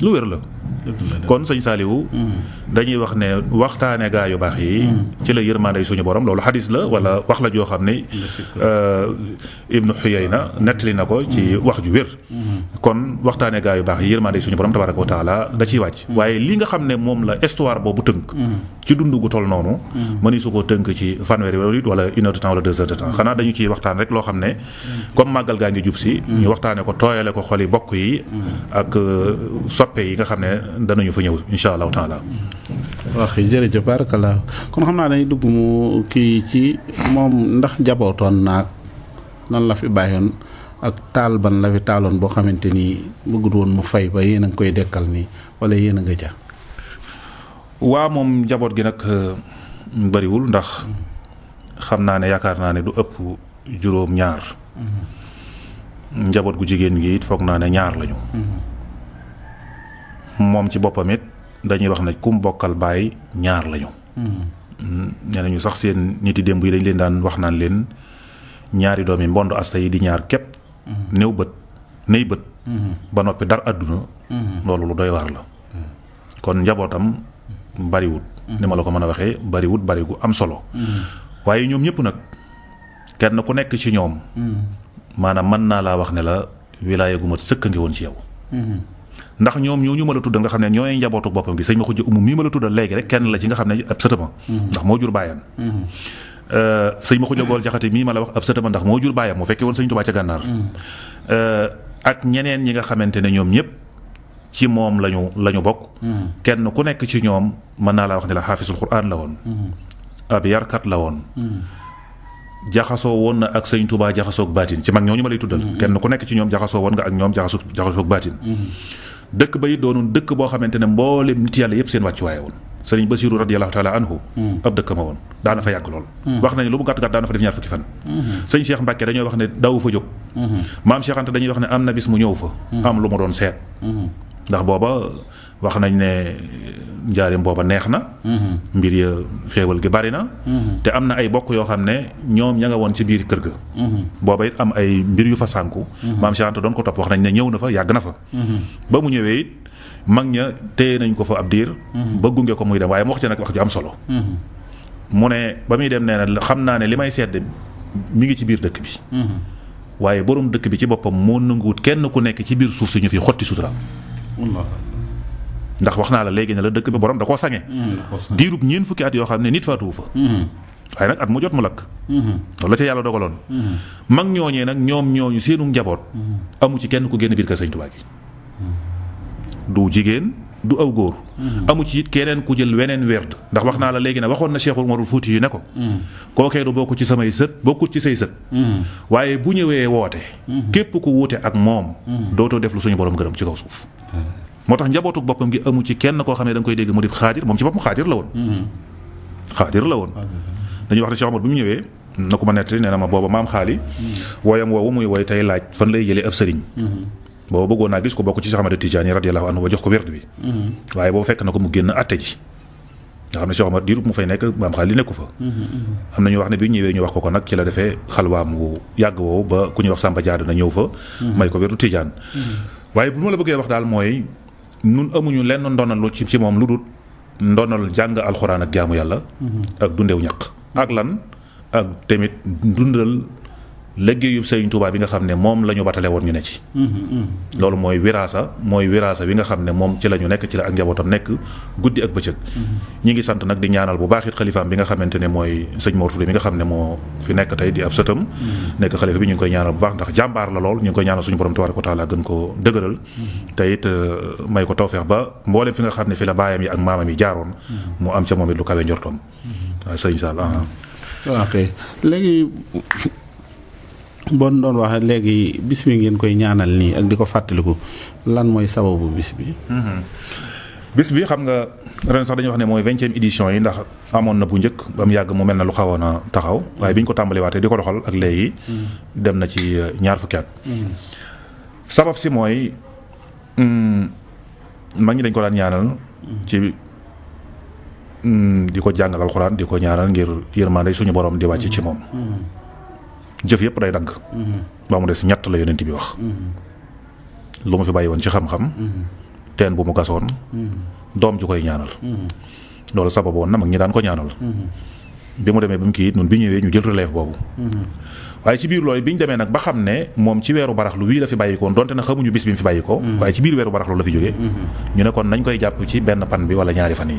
lu wér la. kon sëñ Saaliwu dañuy wax ne waxtaane gaa yu baax yi ci la yërmaande suñu borom loolu xadis la wala wax la joo xam ne euh, ibnu xuyayna nettali na ko ci wax ju wér kon waxtaane gaa yu baax yi yërmaande suñu borom tabaraka wa taala da ciy wàcc waaye li nga xam ne moom la histoire boobu tënk ci dund gu toll noonu mëni su ko tënk ci fanweeri minute wala une heure de temps wala xanaa dañu ciy waxtaan rek loo xam ne comme màggal gaa ngi jub si ñu waxtaane ko tooyale ko xoli bokk yi ak euh, soppe yi xam ne ñu fa ñëw incha allahu taala. wax jërëjëf barakallah kon xam naa dañuy dugg mu kii ci moom ndax jabootoon naag nan la fi bàyyoon ak taal ban la fi taaloon boo xamante ni bëggut woon mu fay ba yéen a ngi koy dekkal nii wala yéen a nga ja. waa moom njaboot gi nag euh, bariwul ndax xam naa ne yaakaar naa ne du ëpp juróom ñaar mm-hmm. njaboot gu jigéen gi foog naa ne ñaar lañu mm-hmm. moom ci boppam it dañuy wax ne kum bokkal baay ñaar lañu. Mm-hmm. Mm-hmm. nee nañu sax seen nit yi démb yi dañ leen daan wax naan leen ñaari doom yi mbond asta yi di ñaar képp. Mm-hmm. néew bët néy bët. ba noppi dar àdduna. loolu lu doy war la. kon njabootam bariwut. ni ma la ko mën a waxee bariwut bari gu am solo. waaye ñoom ñëpp nag kenn ku nekk ci ñoom. maanaam mën naa laa wax ne la wilaaya gu mat sëkk ngi woon ci yow. ndax ñoom ñoo ñu ma la tuddal nga xam ne ñooy njabootu boppam gi sëñ ma xujj umu mii ma la tuddal léegi rek kenn la ci nga xam ne ab sëtama mhm. ndax moo jur baayam mhm. euh, sëñ ma xujj gool jaxate mii ma la wax ab sëtama ndax moo jur baayam mu fekkee woon sëñ Tuubaa ca gànnaar mhm. euh, ak ñeneen ñi nga xamante ne ñoom ñëpp ci moom lañu la ñu bokk kenn ku nekk ci ñoom mën naa laa wax ne la xaafisul quraan la woon ab yarkat la woon jaxasoo woon na ak sëñ Touba jaxasoog baatin ci mag ñooñu ma lay tuddal kenn ku nekk ci ñoom jaxasoo woon nga ak ñoom jaxasoo jaxasoog dëkk ba yi doonoon dëkk boo xamante ne mboolem nit yàlla yëpp seen wàccuwaay woon sëriñ Basiru radiyallahu taala anhu hmm. ab dëkk ma woon daana fa yàgg lool hmm. wax nañ lu mu gàtt gàtt daana fa def ñaar fukki fan hmm. sëñ Cheikh Mbacke dañoo wax ne daw fa jóg maam Cheikh dañuy wax ne am na bis mu ñëw fa am lu mu doon seet ndax booba wax nañ ne njaarim booba neex na. Mm-hmm. mbir ya xéewal gi bari na. Mm-hmm. te am na ay bokk yoo xam ne ñoom ña nga woon ci biir kër ga. Mm-hmm. booba it am ay mbir yu fa sànku. maam Cheikh Anta doon ko topp wax nañ ne ñëw na fa yàgg na fa. ba mu ñëwee it mag ña téye nañ ko fa ab diir. ba gunge ko muy dem waaye mu wax ci nag wax ju am solo. mu ne ba muy dem nee na xam naa ne li may sedd mu ngi ci biir dëkk bi. waaye borom dëkk bi ci boppam moo nanguwut kenn ku nekk ci biir suuf si ñu fi xotti ndax wax naa la léegi ne la dëkk bi borom da koo sañe hmm, diirub ñeen fukki at yoo xam ne nit faatuwu fa hmm. at mu jot mu lakk hmm. loolu ca yàlla dogaloon mag ñooñee nag ñoom ñooñu seenu njaboot amu ci kenn ku génn biir ka sëñ Tuubaa gi du jigéen du aw góor amu ci it keneen ku jël weneen werd ndax wax naa la léegi ne waxoon na Cheikh Umarul Fuuti yu ne ko kookee du bokk ci samay sët bokkul ci say sët waaye bu ñëwee woote képp ku wuute ak moom dootoo def lu suñu borom gërëm ci kaw suuf moo tax njabootuk boppam gi amu ci kenn koo xam ne da nga koy dégg mu di xaadir moom ci boppam xaadir la woon. Mm-hmm. xaadir la woon. dañuy wax ne Cheikh Omar bi mu ñëwee na ko ma nettali ne na ma booba maam xaali. Mm-hmm. wooyam woowu muy woy tey laaj fan lay jëlee ab sëriñ. Mm-hmm. booba bëggoon naa gis ko bokk ci Cheikh Ahmad Tidiane radiyallahu anhu wa jox ko werd bi. waaye boo fekk na ko mu génn àtte ji. nga xam ne Cheikh Omar diirub mu fay nekk maam xaali nekku fa. am na ñu wax ne bi ñëwee ñu wax ko ko nag ci la defee xalwaam wu yàgg woowu ba ku ñuy wax Samba Jaada na ñëw fa. may ko werdu Tidiane. waaye bu ma la bëggee wax daal mooy nun amuñu lenn ndonal ci ci moom lu dul ndonal jàng alxuraan ak jaamu yàlla. Mhm. ak dundew ñaq ak lan ak tamit dundal liggéeyub Serigne Touba bi nga xam ne moom la ñu batale woon ñu ne ci. Mm-hmm. loolu mooy wiraasa mooy wiraasa wi nga xam ne moom ci la ñu nekk ci la ak njabootam nekk guddi ak bëccëg. Mm-hmm. ñu ngi sant nag di ñaanal bu baax it xalifaam bi nga xamante ne mooy sëñ Mor Touré mi nga xam ne moo fi nekk tey di ab sëtam. Mm-hmm. nekk xalifa bi ñu ngi koy ñaanal bu baax ndax jàmbaar la lool ñu ngi koy ñaanal suñu borom tabaaraka wa taala gën ko dëgëral. te it euh, may ko tawfeex ba mboolem fi nga xam ne fi la baayam yi ak maamam yi jaaroon. mu am ca moom lu kawe njortoom. sëñ Sall ah. bon doon wax léegi bis bi ngeen koy ñaanal nii ak di ko fàttaliku lan mooy sababu bis bi. Mhm. bis bi xam nga ren sax dañuy wax ne mooy vingtième édition yi ndax amoon na bu njëkk ba mu yàgg mu mel na lu xawoon a taxaw waaye bi ñu ko tàmbaliwaatee di ko doxal ak léegi. Mhm. dem na ci euh, ñaar fukki at. Mhm. sabab si mooy hmm, mag ñi dañ ko daan ñaanal. ci hmm, di ko jàngal alxuraan di ko ñaanal ngir yërmande suñu borom di wàcc ci moom. jëf yëpp day dagg. Mm-hmm. ba mu des ñett la yonent bi wax. Mm-hmm. lu mu fi bàyyi woon ci xam-xam. Mm-hmm. teen bu mu gasoon. doom ju koy ñaanal. loolu sababoon na mag ñi daan ko ñaanal. bi mu demee ba mu kii it bi ñëwee ñu jël relève boobu. waaye ci biir loolu bi ñu demee nag ba xam ne moom ci weeru baraxlu wii la fi bàyyikoon donte na xamuñu bis bi mu fi bàyyikoo waaye ci biir weeru baraxlu la fi jógee. ñu ne kon nañ koy jàpp ci benn pan bi wala ñaari fan yi.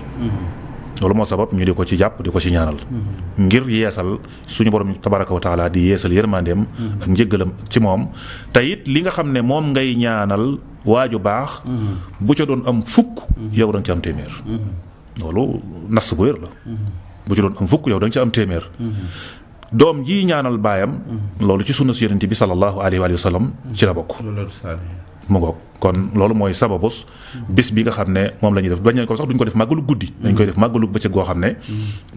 loolu moo sabab ñu di ko ci jàpp di ko ci ñaanal mm-hmm. ngir yeesal suñu borom tabaraka wa taala di yeesal yërmandeem mm-hmm. ak njëggalam ci moom te li nga xam ne moom ngay ñaanal waaju baax mm-hmm. bu ca doon am fukk yow da nga ci am téeméer loolu nas ci doon am fukk yow da nga am téeméer doom ji ñaanal baayam loolu ci sunna su yonent bi sallallahu alayhi wa sallam ci la bokk mu kon loolu mooy sababus bis bi nga xam ne moom la ñuy def bañ ko sax duñ ko def màggalu guddi dañ koy def màggalu bëccëg goo xam ne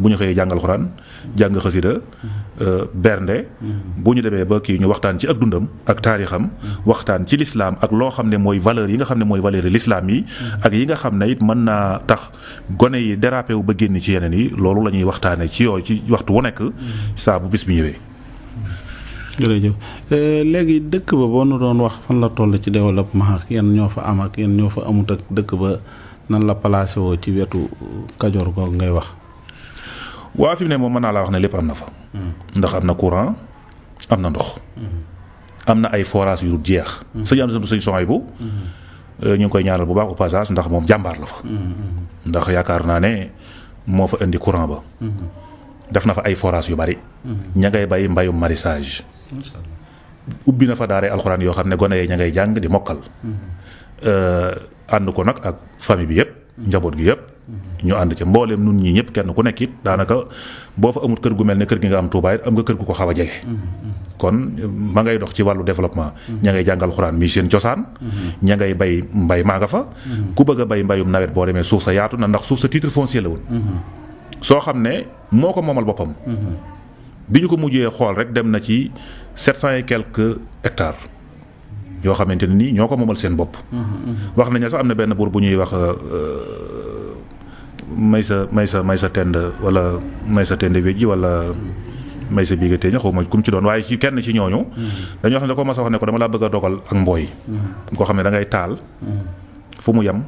bu ñu xëyee jàngal xuraan jàng xasida euh, bernde bu ñu demee ba kii ñu waxtaan ci ak dundam ak taarixam waxtaan ci lislaam ak loo xam ne mooy valeur yi nga xam ne mooy valeur yi lislaam yi ak yi nga xam ne it mën naa tax gone yi dérapé wu ba génn ci yeneen yi loolu la ñuy waxtaane ci yooyu ci waxtu wu nekk saa bis bi ñëwee jërëjëf euh, léegi dëkk ba boo nu doon wax fan la toll ci développement ak yan ñoo fa am ak yan ñoo fa amut ak dëkk ba nan la placé woo ci wetu kajoor googu ngay wax. waa fi ne moom mën naa laa wax ne lépp am na fa. Hmm. ndax am na courant am na ndox. Hmm. am na ay forage yu jeex. Hmm. sëñ am sëñ soxay bu. Euh, ñu koy ñaanal bu baax au passage ndax moom jàmbaar la fa. ndax yaakaar naa ne moo fa indi courant ba. def na fa ay forage yu bari. ña ngay bay mbayum maraîchage. macha allah ubbi na fa daaree alxuraan yoo xam ne gone yee ña ngay jàng di mokkal. Mm-hmm. Euh, ànd ko nag ak famille bi yëpp. Mm-hmm. njaboot gi yëpp. Mm-hmm. ñu ànd ca mbooleem nun ñii ñëpp kenn ku nekk it daanaka boo fa amut kër gu mel ni kër gi nga am Touba am nga kër gu ko xaw a jege. kon ma ngay dox ci wàllu développement. ña ngay jàngal xuraan mi seen cosaan. ña ngay bay mbay maa nga fa. ku bëgg a bay mbayum nawet boo demee suuf sa yaatu na ndax suuf sa titre foncier la woon. soo xam ne moo bi ñu ko mujjee xool rek dem na ci sept cent yi quelques hectares yoo xamante ne nii ñoo ko moomal seen bopp. wax nañ sax am na benn buur bu ñuy wax euh, may sa may sa may sa tend wala may sa tend wéjji wala. may sa biiga teeña xaw ma ku ci doon waaye ci kenn ci ñooñu dañoo xam ne da ko mas a wax ne ko dama laa bëgg a dogal ak mbooy koo xam ne da ngay taal fu mu yem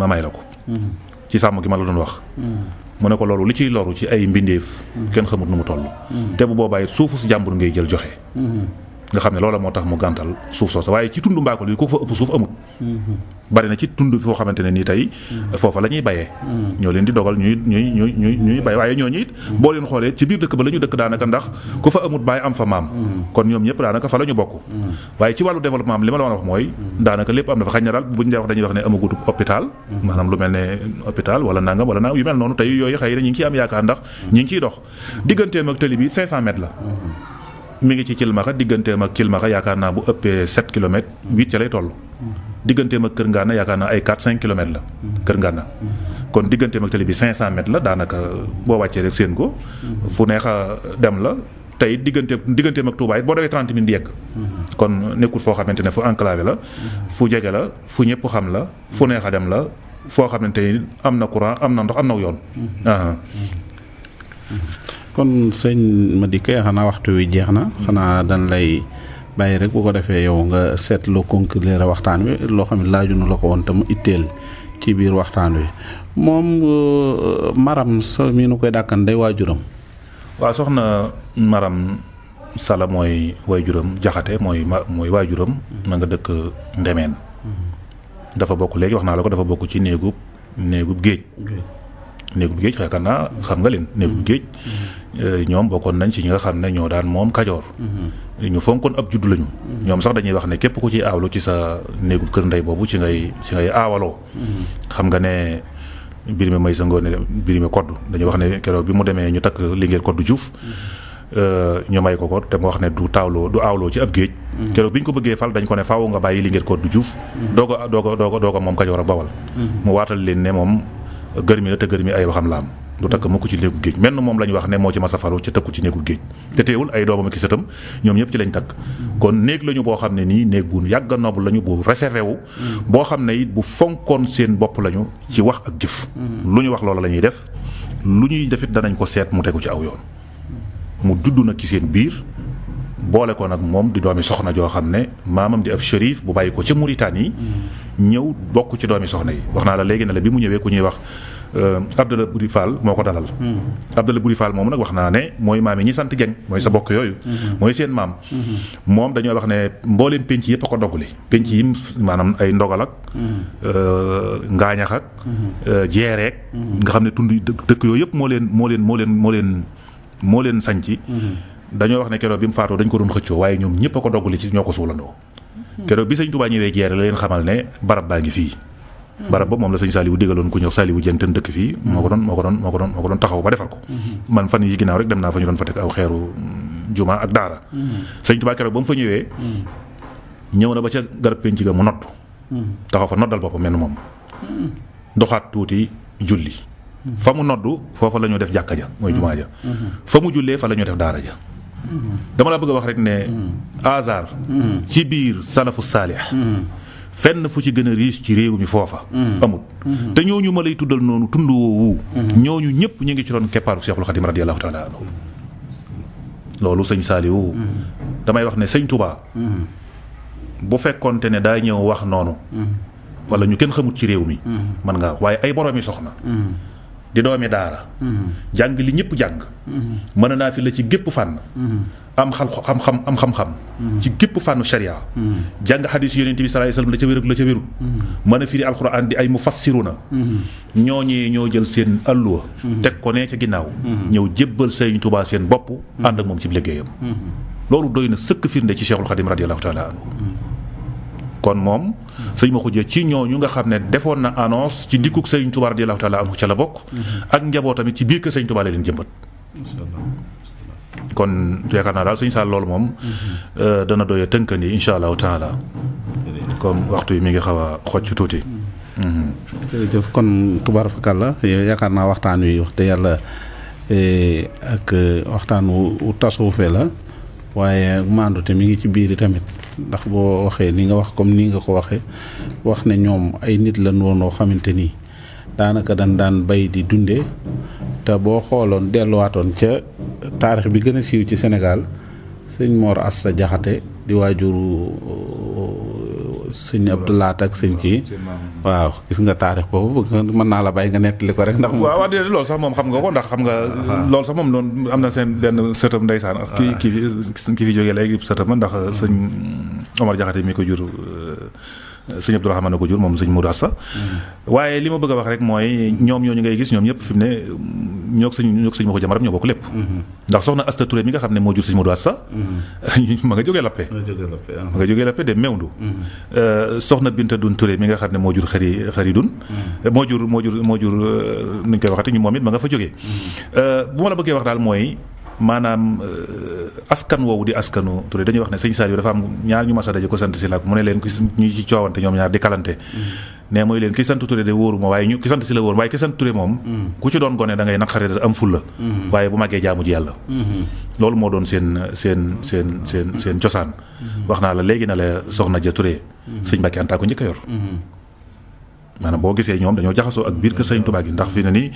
ma may la ko ci sàmm gi ma la doon wax mu ne ko loolu li ciy loru ci ay mbindeef mhm. kenn xamut nu mu toll mhm. te bu boobaa it suufu si jàmbur ngay jël joxe mhm. nga xam ne loola moo tax mu gàntal suuf sa waaye ci tund mbaakol yi ku fa ëpp suuf amut bari na ci tund foo xamante ne nii tey mm. foofa la ñuy bayee mm. ñoo leen di dogal ñuy ñuy ñuy ñuy ñuy bay waaye ñooñu it mm. boo leen xoolee ci biir dëkk ba la ñu dëkk daanaka ndax ku fa amut baay am fa maam kon ñoom ñëpp daanaka fa la ñu bokk waaye ci wàllu développement li ma la wax mooy daanaka lépp am na fa xañ na daal buñ dee wax dañuy wax ne amagut hôpital maanaam lu mel ne hôpital wala nangam wala nangam yu mel noonu tey yooyu xëy na ñu ngi am yaakaar ndax ñu ngi ciy dox digganteem ak tëli bi 500 mètres la mi ngi ci Kilmaxa digganteem ak Kilmaxa yaakaar naa bu ëppee 7 kilomètres 8 ca lay toll digganteem ak Kër Ngana yaakaar na ay 4 5 kilomètres la. Kër Ngana. kon digganteem ak tali bi 500 mètres la daanaka boo wàccee rek seen ko. fu neex a dem la. tey diggante digganteem ak Touba it boo dawee 30 minutes yegg. kon nekkul foo xamante ne fu enclavé la. fu jege la fu ñëpp xam la. fu neex a dem la foo xamante ni am na courant am na ndox am na yoon. kon sëñ Madické xanaa waxtu wi jeex na xanaa dañ lay. bàyyi rek bu ko defee yow nga seetlu conclure waxtaan wi loo xam ne laaju nu la ko woon te mu itteel ci biir waxtaan wi moom euh, maram so mi nu koy dàkkan day waajuram waa soxna maram sala mooy waajuram jaxate mooy mooy waajuram mm-hmm. ma nga dëkk ndemeen mm-hmm. dafa bokk léegi wax naa la ko dafa bokk ci néegub néegub géej néegub géej xaakaar naa xam nga leen néegub géej mm-hmm. ñoom bokkoon nañ ci ñu nga xam ne ñoo daan moom kajoor mm-hmm. ñu fonkoon ab juddu lañu. Mm-hmm. ñoom sax dañuy wax ne képp ku ci aawlu ci sa néegub kër ndey boobu ci ngay ci ngay aawaloo xam nga ne mbir mi may sa ngoone mbir mi kodd dañuy wax ne keroog bi mu demee ñu takk lingéer kodd juuf euh, ñu may ko ko te mu wax ne du taawloo du aawloo ci ab géej keroog bi ñu ko bëggee fal dañ ko ne faaw nga bàyyi lingéer kodd juuf doo ko doo ko doo moom kajoor ak bawal mu waatal leen ne moom gërmi la te gërmi ay waxam am du takk mukk ci néegu géej menn moom la ñu wax ne moo ci masa faru ci takku ci néegu géej te teewul ay doomam ak sëtam ñoom ñëpp ci lañ takk kon néeg lañu boo xam ne nii néeg bu yàgg a noob la ñu bu réservé wu boo xam ne it bu fonkoon seen bopp la ñu ci wax ak jëf lu ñu wax loola la ñuy def lu ñuy defit danañ ko seet mu tegu ci aw yoon mu dudd na ci seen biir boole ko nag moom di doomi soxna joo xam ne maamam di ab shérif bu bàyyi ko ca yi mm. ñëw bokk ci doomi soxna yi wax naa la léegi na la bi mu ñëwee ku ñuy wax euh, Abdallah Buri Fall moo ko dalal. Mm. Abdallah Buri Fall moom nag wax naa ne mooy maam yi ñi sant Dieng mooy sa bokk yooyu. Mm-hmm. mooy seen maam. Mm-hmm. moom dañoo wax ne mbooleem penc yëpp a ko dogguli penc yi maanaam ay ndogal ak. Mm. Euh, ngaañax ak. Mm-hmm. Euh, jeereek. nga xam ne tund dëkk yooyu yëpp moo leen moo leen moo leen moo leen moo leen dañoo wax ne keroog bi mu faatoo dañ ko doon xëccoo waaye ñoom ñëpp a ko doggali ci ñoo ko suulandoo hmm. keroog bi sëñ Touba ñëwee jeere la leen xamal ne barab baa ngi fii hmm. barab ba moom la sëñ Saliou digaloon ku ñëw Saliou Dieng ten dëkk fii hmm. moo ko doon moo ko doon moo ko doon moo ko doon taxaw ba defal ko man fan yi ginnaaw rek dem naa fa ñu doon fa teg aw xeeru juma ak daara sëñ Touba keroog ba mu fa ñëwee ñëw na ba ca garab penc ga mu nodd taxaw fa noddal boppam menn moom doxaat tuuti julli mu noddu foofa la ñu def jàkka mooy jumaa ja fa mu jullee fa la ñu def daara ja dama la bëgg a wax rek ne hasard ci biir salafu saalix fenn fu ci gën riis ci réew mi foofa amut te ñooñu ma lay tuddal noonu tund woowu ñooñu ñëpp ñu ngi ci doon keppaaru Seexul Xadim radiyallahu taala anhu loolu sëñ Saaliwu damay wax ne sëñ Touba bu fekkonte ne daa ñëw wax noonu wala ñu kenn xamut ci réew mi man nga waaye ay boroomi soxna di doomi daara. Mm-hmm. jàng li ñëpp jàng. Mm-hmm. mën naa fi la ci gépp fànn. Mm-hmm. am xam-xam am xam-xam. ci gépp fànnu sharia. jàng xadis yonent bi sallallahu alayhi wasallam la ca wér la ca wérul. mën a firi alxuraan di ay mufassiruna. ñooñee ñoo jël seen alluwa. teg ko ne ca ginnaaw. ñëw jébbal Serigne tubaa seen bopp. ànd ak moom ci liggéeyam. loolu doy na sëkk firnde ci Cheikhul Khadim radiyallahu taala anhu kon moom sëñ ma xujee ci ñu nga xam ne defoon na annonce ci dikkuk sëriñ Tuubaa radiyallaahu am ko ca la bokk ak tamit ci biir kër sëriñ Tuubaa la leen jëmbat kon yaakaar naa daal suñ Saal loolu moom euh, dana doy a tënkan yi insha allahu taala comme waxtu yi mi ngi xaw a xocc tuuti jërëjëf kon tubaar fakal la yaakaar naa waxtaan wi wax te yàlla eh, ak waxtaan wu tasawufe la waaye maandu te mi ngi ci biir tamit ndax boo waxee li nga wax comme ni nga ko waxee wax ne ñoom ay nit lañ woonoo xamante nii daanaka dañ daan bay di dunde te boo xooloon delluwaatoon ca taarix bi gën a siiw ci Sénégal sëñ Mor sa Jaxate di waajuru sëñ Abdoulaat ak sëñ kii waaw gis nga taarix boobu mën naa la bàyyi nga nettali ko rek ndax waaw waaw déedéet loolu sax moom xam nga ko ndax xam nga ah. loolu sax moom noonu am na seen benn sëtam ndeysaan ak ah. kii kii fi kii fi jógee léegi sëtam ndax sëñ Omar Jaxate mi ko jur euh, sëñ Abdourahmane na ko jur moom sëñ Modou Asta waaye li ma bëgg a wax rek mooy ñoom ñoo ñu ngay gis ñoom ñëpp fi mu ne ñoo sëñ ñoo sëñ ma ko jamaram ñoo bokk lépp ndax soxna Asta Touré mi nga xam ne moo jur sëñ Modou Asta ma nga jógee lappe ma nga jógee lappe de mewndu soxna Binta Dun Touré mi nga xam ne moo jur xëri xëri dun mm. moo jur moo jur moo jur euh, nuñ koy waxati ñu moom it ma nga fa jógee mm. euh, bu ma la bëggee wax daal mooy maanaam euh, askan woowu di askanu Touré dañuy wax ne sëñ Saliou dafa am ñaar ñu mas a daje ko sant si Sylla mu ne leen ki ñu ci coowante ñoom ñaar di kalante mm. ne mooy leen ki sant Touré de wóoru ma waaye ñu ki sant Sylla wóoru moom mm. ku ci doon gone da ngay naqare da am fulla mm. waaye bu màggee jaamu ji yàlla mm-hmm. loolu moo doon seen seen seen seen seen cosaan mm-hmm. wax naa la léegi na la soxna ja Touré mm-hmm. sëñ Mbàkke Anta ko njëkk a yor maanaam boo gisee ñoom dañoo jaxasoo ak biir kër sëñ Touba gi ndax fi ne nii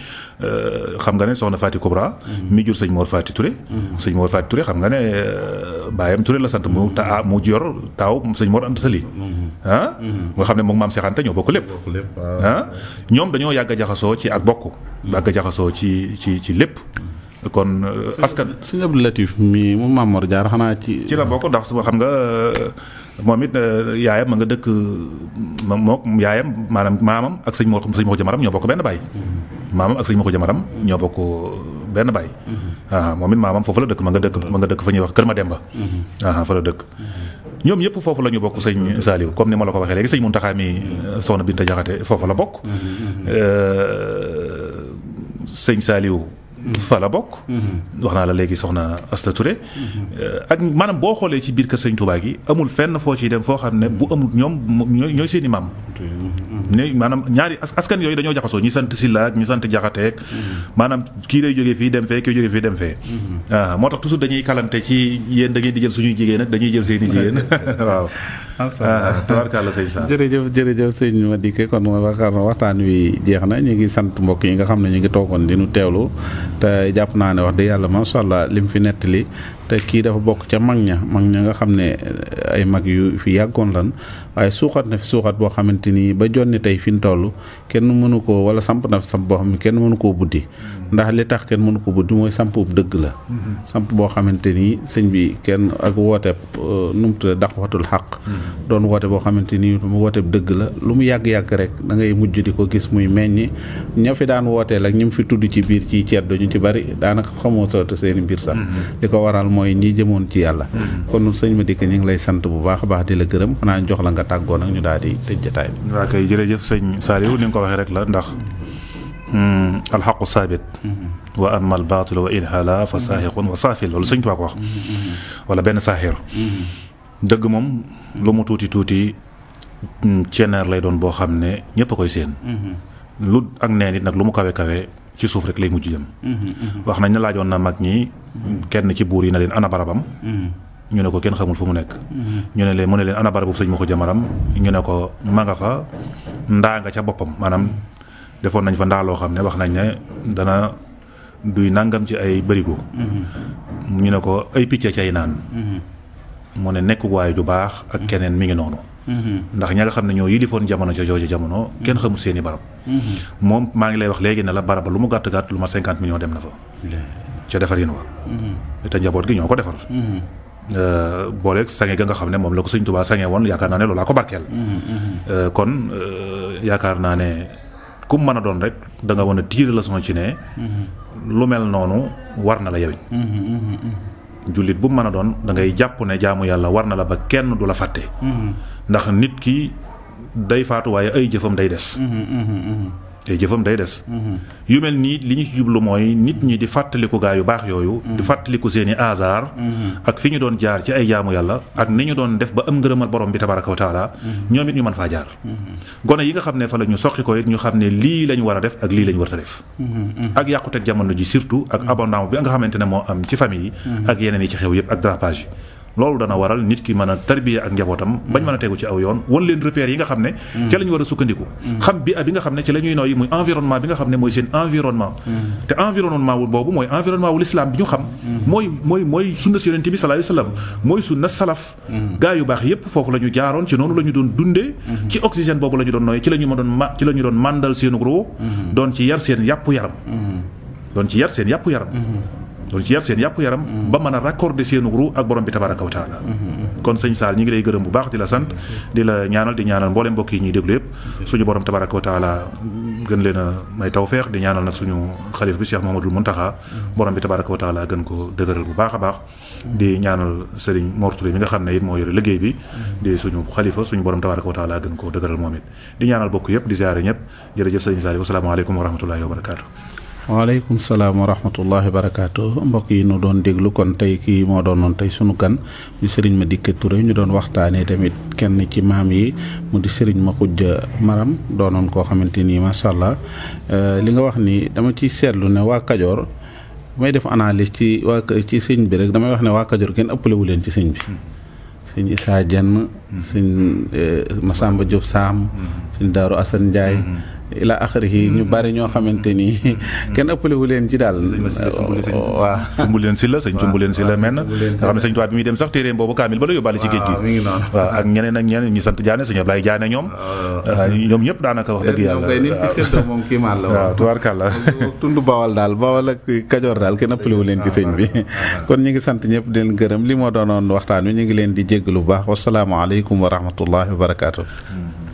euh, xam nga ne soxna Faati Kubra mhm. mi jur sëñ Mor Faati Touré mhm. sëñ Mor Faati Touré xam nga ne euh, baayam Touré la sant mu ta ah, mu yor taaw sëñ Mor Anta Sali mhm. ah nga xam ne moom maam Cheikh Anta ñoo bokk lépp ah ñoom dañoo yàgg jaxasoo ci ak bokk yàgg a jaxasoo ci ci ci lépp kon euh, askan sëñ Abdou Latif mi mu Maam Mor Jaar xanaa ci ci la bokk ndax su xam nga moom it euh, yaayam ma nga dëkk ma moo yaayam maanaam maamam ak sëñ moo sëñ Mokho Jamaram ñoo bokk benn baay. maamam ak sëñ Mokho Jamaram ñoo bokk euh, benn baay. waaw ah, moom it maamam foofu la dëkk ma nga dëkk ma nga dëkk fa ñuy wax Kër ma waaw ah, fa la dëkk. ñoom ñëpp foofu la ñu bokk sëñ Saliou comme ni ma la ko waxee léegi sëñ Mountakha mi euh, soxna Binta Diakhaté foofu la bokk. Mhm. sëñ Saliou. fa la bokk. Mhm. wax naa la léegi soxna Asta Touré. Mhm. ak maanaam boo xoolee ci biir kër sëñ Touba gi amul fenn foo ciy dem foo xam ne bu amul ñoom ñooy seen i maam. Mhm. ne maanaam ñaari askan yooyu dañoo jaxasoo ñi sant Silla ak ñi sant Jaxateeg. maanaam kii day jógee fii dem fee kii jógee fii dem fee. Ah, moo tax toujours dañuy kalante ci yéen da ngeen di jël suñuy jigéen ak dañuy jël seen i jigéen waaw. Ah, tubaarkàlla sëñ Sarr jërëjëf jërëjëf sëñ Madické kon waxar waxtaan wi jeex na ñu ngi sant mbokk yi nga xam ne ñu ngi toogoon dinu nu teewlu te jàpp naa ne wax dëgg yàlla macha allah lim fi nettali te kii dafa bokk ca mag ña mag ña nga xam ne eh, ay mag yu fi yàggoon lan waaye suuxat na fi suuxat boo xamante ni ba jonni tey fi ñu toll kenn mënu ko wala samp na fi samp boo xam ne kenn mënu koo buddi mm-hmm. ndax li tax kenn mënu ko buddi mooy sampub dëgg la mm-hmm. samp boo xamante ni sëñ bi kenn ak wooteeb eh, nu mu tuddee dax xaq doon woote boo xamante ni mu wooteeb dëgg la lu mu yàgg-yàgg rek da ngay mujj di ko gis muy meññi ña fi daan wooteel ak ñi fi tudd ci biir ci ceddo ñu ci bari daanaka xamoo sootu seeni mbir sax mm-hmm. li ko waral mooy ñi jëmoon ci yàlla hmm. kon sëñ ma dikk ñu ngi lay sant bu baax a baax di la gërëm xanaa jox la nga tàggoo nag ñu daal di tëj jotaay bi waa kay jërëjëf sëñ Saliou ni nga ko waxee rek la ndax hmm, alxaqu saabit hmm. wa wa inhala fa saaxiqun wa saafil loolu sëñ Tuubaa ko wax wala benn saaxir dëgg moom lu mu tuuti tuuti cenneer lay doon boo xam ne ñëpp a koy seen lu ak neen it nag lu mu kawe kawe ci suuf rek lay mujj yam mhm, mhm. wax nañ ne laajoon na mag ñi. Mhm. kenn ci buur yi na leen ana barabam. ñu ne ko kenn xamul fu mu nekk. ñu ne leen mu ne leen ana barabu sëñ ma ko jamaram ñu ne ko ma nga fa ndaa nga ca boppam maanaam defoon nañ fa ndaa loo xam ne wax nañ ne dana duy nangam ci ay bërigo. ñu ne ko ay picc cay naan. mu ne nekk waaye ju baax ak keneen mi ngi noonu. ndax ña nga xam ne ñoo yilifoon jamono ca jooju jamono kenn xamul seen i barab moom maa ngi lay wax léegi ne la baraba lu mu gàtt gàtt lu ma cinquante millions dem na fa ca defar yin wa te njaboot gi ñoo ko defar euh, booleeg sange ga nga xam ne moom la ko sëñ Tuubaa sange woon yaakaar naa ne a ko barkeel euh, kon euh, yaakaar naa ne kum mën a doon rek da nga mën a tiir leçon ci ne lu mel noonu war na la yowin jullit bu mën a doon da ngay jàpp ne jaamu yàlla war na la ba kenn du la fàtte. Mm-hmm. ndax nit ki day faatu waaye ay jëfam day des. Mm-hmm, mm-hmm, te jëfam day des. Mhm. yu mel nii li ñu ci jublu mooy nit ñi di fàttaliku gaa yu baax yooyu. di mhm. fàttaliku seen i hasard. Mhm. ak fi ñu doon jaar ci ay jaamu yàlla ak ni ñu doon def ba am ngërëmal borom bi tabaraka wa ñoom it ñu mën faa jaar. gone yi nga xam ne fa la soqi ko ñu xam ne lii lañ war a def ak lii lañ war a def. ak yàquteg jamono ji surtout ak abondance bi nga xamante ne moo am ci famille yi. ak yeneen yi ci xew yëpp ak drapage yi. loolu dana waral nit ki mën a tarbiya ak njabootam bañ mën a tegu ci aw yoon wan leen repères yi nga xam ne ca la ñu war a sukkandiku xam bi bi nga xam ne ci la ñuy noyyi muy environnement bi nga xam ne mooy seen environnement te environnement wu boobu mooy environnement wu l'islam bi ñu xam mooy mooy mooy sunna si yonente bi sallallahu alayhi wasallam mooy sunna salaf gaa yu baax yépp foofu la ñu jaaroon ci noonu la ñu doon dundee ci oxygène boobu la ñu doon noyyi ci la ñu ma doon ma ci la ñu doon màndal seen roo doon ci yar seen yàpp yaram doon ci yar seen yàpp yaram loolu ci yar seen yàpp yaram mm-hmm. ba mën a raccorder seen ru ak borom bi tabaraka wa mm-hmm. kon sëñ Saal ñi ngi lay gërëm bu baax di la sant di la ñaanal di ñaanal mboolem mbokk yi ñuy déglu yëpp suñu borom tabaraka wa taala gën leen a may tawfeex di ñaanal nag suñu xalif bi Cheikh Mamadou Muntaxa mm-hmm. borom bi tabaraka wa taala gën ko dëgëral bu baax a baax di ñaanal Serigne Mor Touré mi nga xam ne it moo yore liggéey bi di suñu xalifa suñu borom tabaraka wa taala gën ko dëgëral moom it di ñaanal bokk yëpp di ziare ñëpp jërëjëf sëriñ Saal wasalaamaaleykum wa rahmatullahi wa barakatu waaleykum salaam wa rahmatullahi barakaatu mbokk yi nu doon déglu kon tey kii moo doonoon tey sunu gan di ma Madické Touré ñu doon waxtaanee tamit kenn ci maam yi mu di Serigne Makhoudia Maram doonoon koo xamante nii macha allah euh, li nga wax ni dama ci seetlu ne waa Kajoor may def anaalis ci waa ci sëñ bi rek damay wax ne waa Kajoor kenn ëppalewu leen ci sëñ bi. sëñ Issa Dieng. sëñ euh, Massamba Diop saam mm-hmm. sëñ Darou Assane Ndiaye. Mm-hmm. ila axarihi ñu mhm. bari ñoo xamante ni mhm. kenn ëppalewu leen ci daal waa cumbu leen si la sëñ cumbu leen si la men nga xam ne sëñ Tuubaa bi muy dem sax téeréem boobu kaamil ba la yóbbaale ci géej gi waaw ak ñeneen ak ñeneen ñu sant Jaane sëñ Ablaye Jaane ñoom ah, ñoom ñëpp daanaka wax dëgg yàlla waaw tubaarkàlla tund bawal daal bawal ak kajoor daal kenn ëppalewu leen ci sëñ bi kon ñu ngi sant ñëpp di leen gërëm li moo doonoon waxtaan wi ñu ngi leen di jégg lu baax wasalaamualeykum wa rahmatullahi wa barakatuh hmm.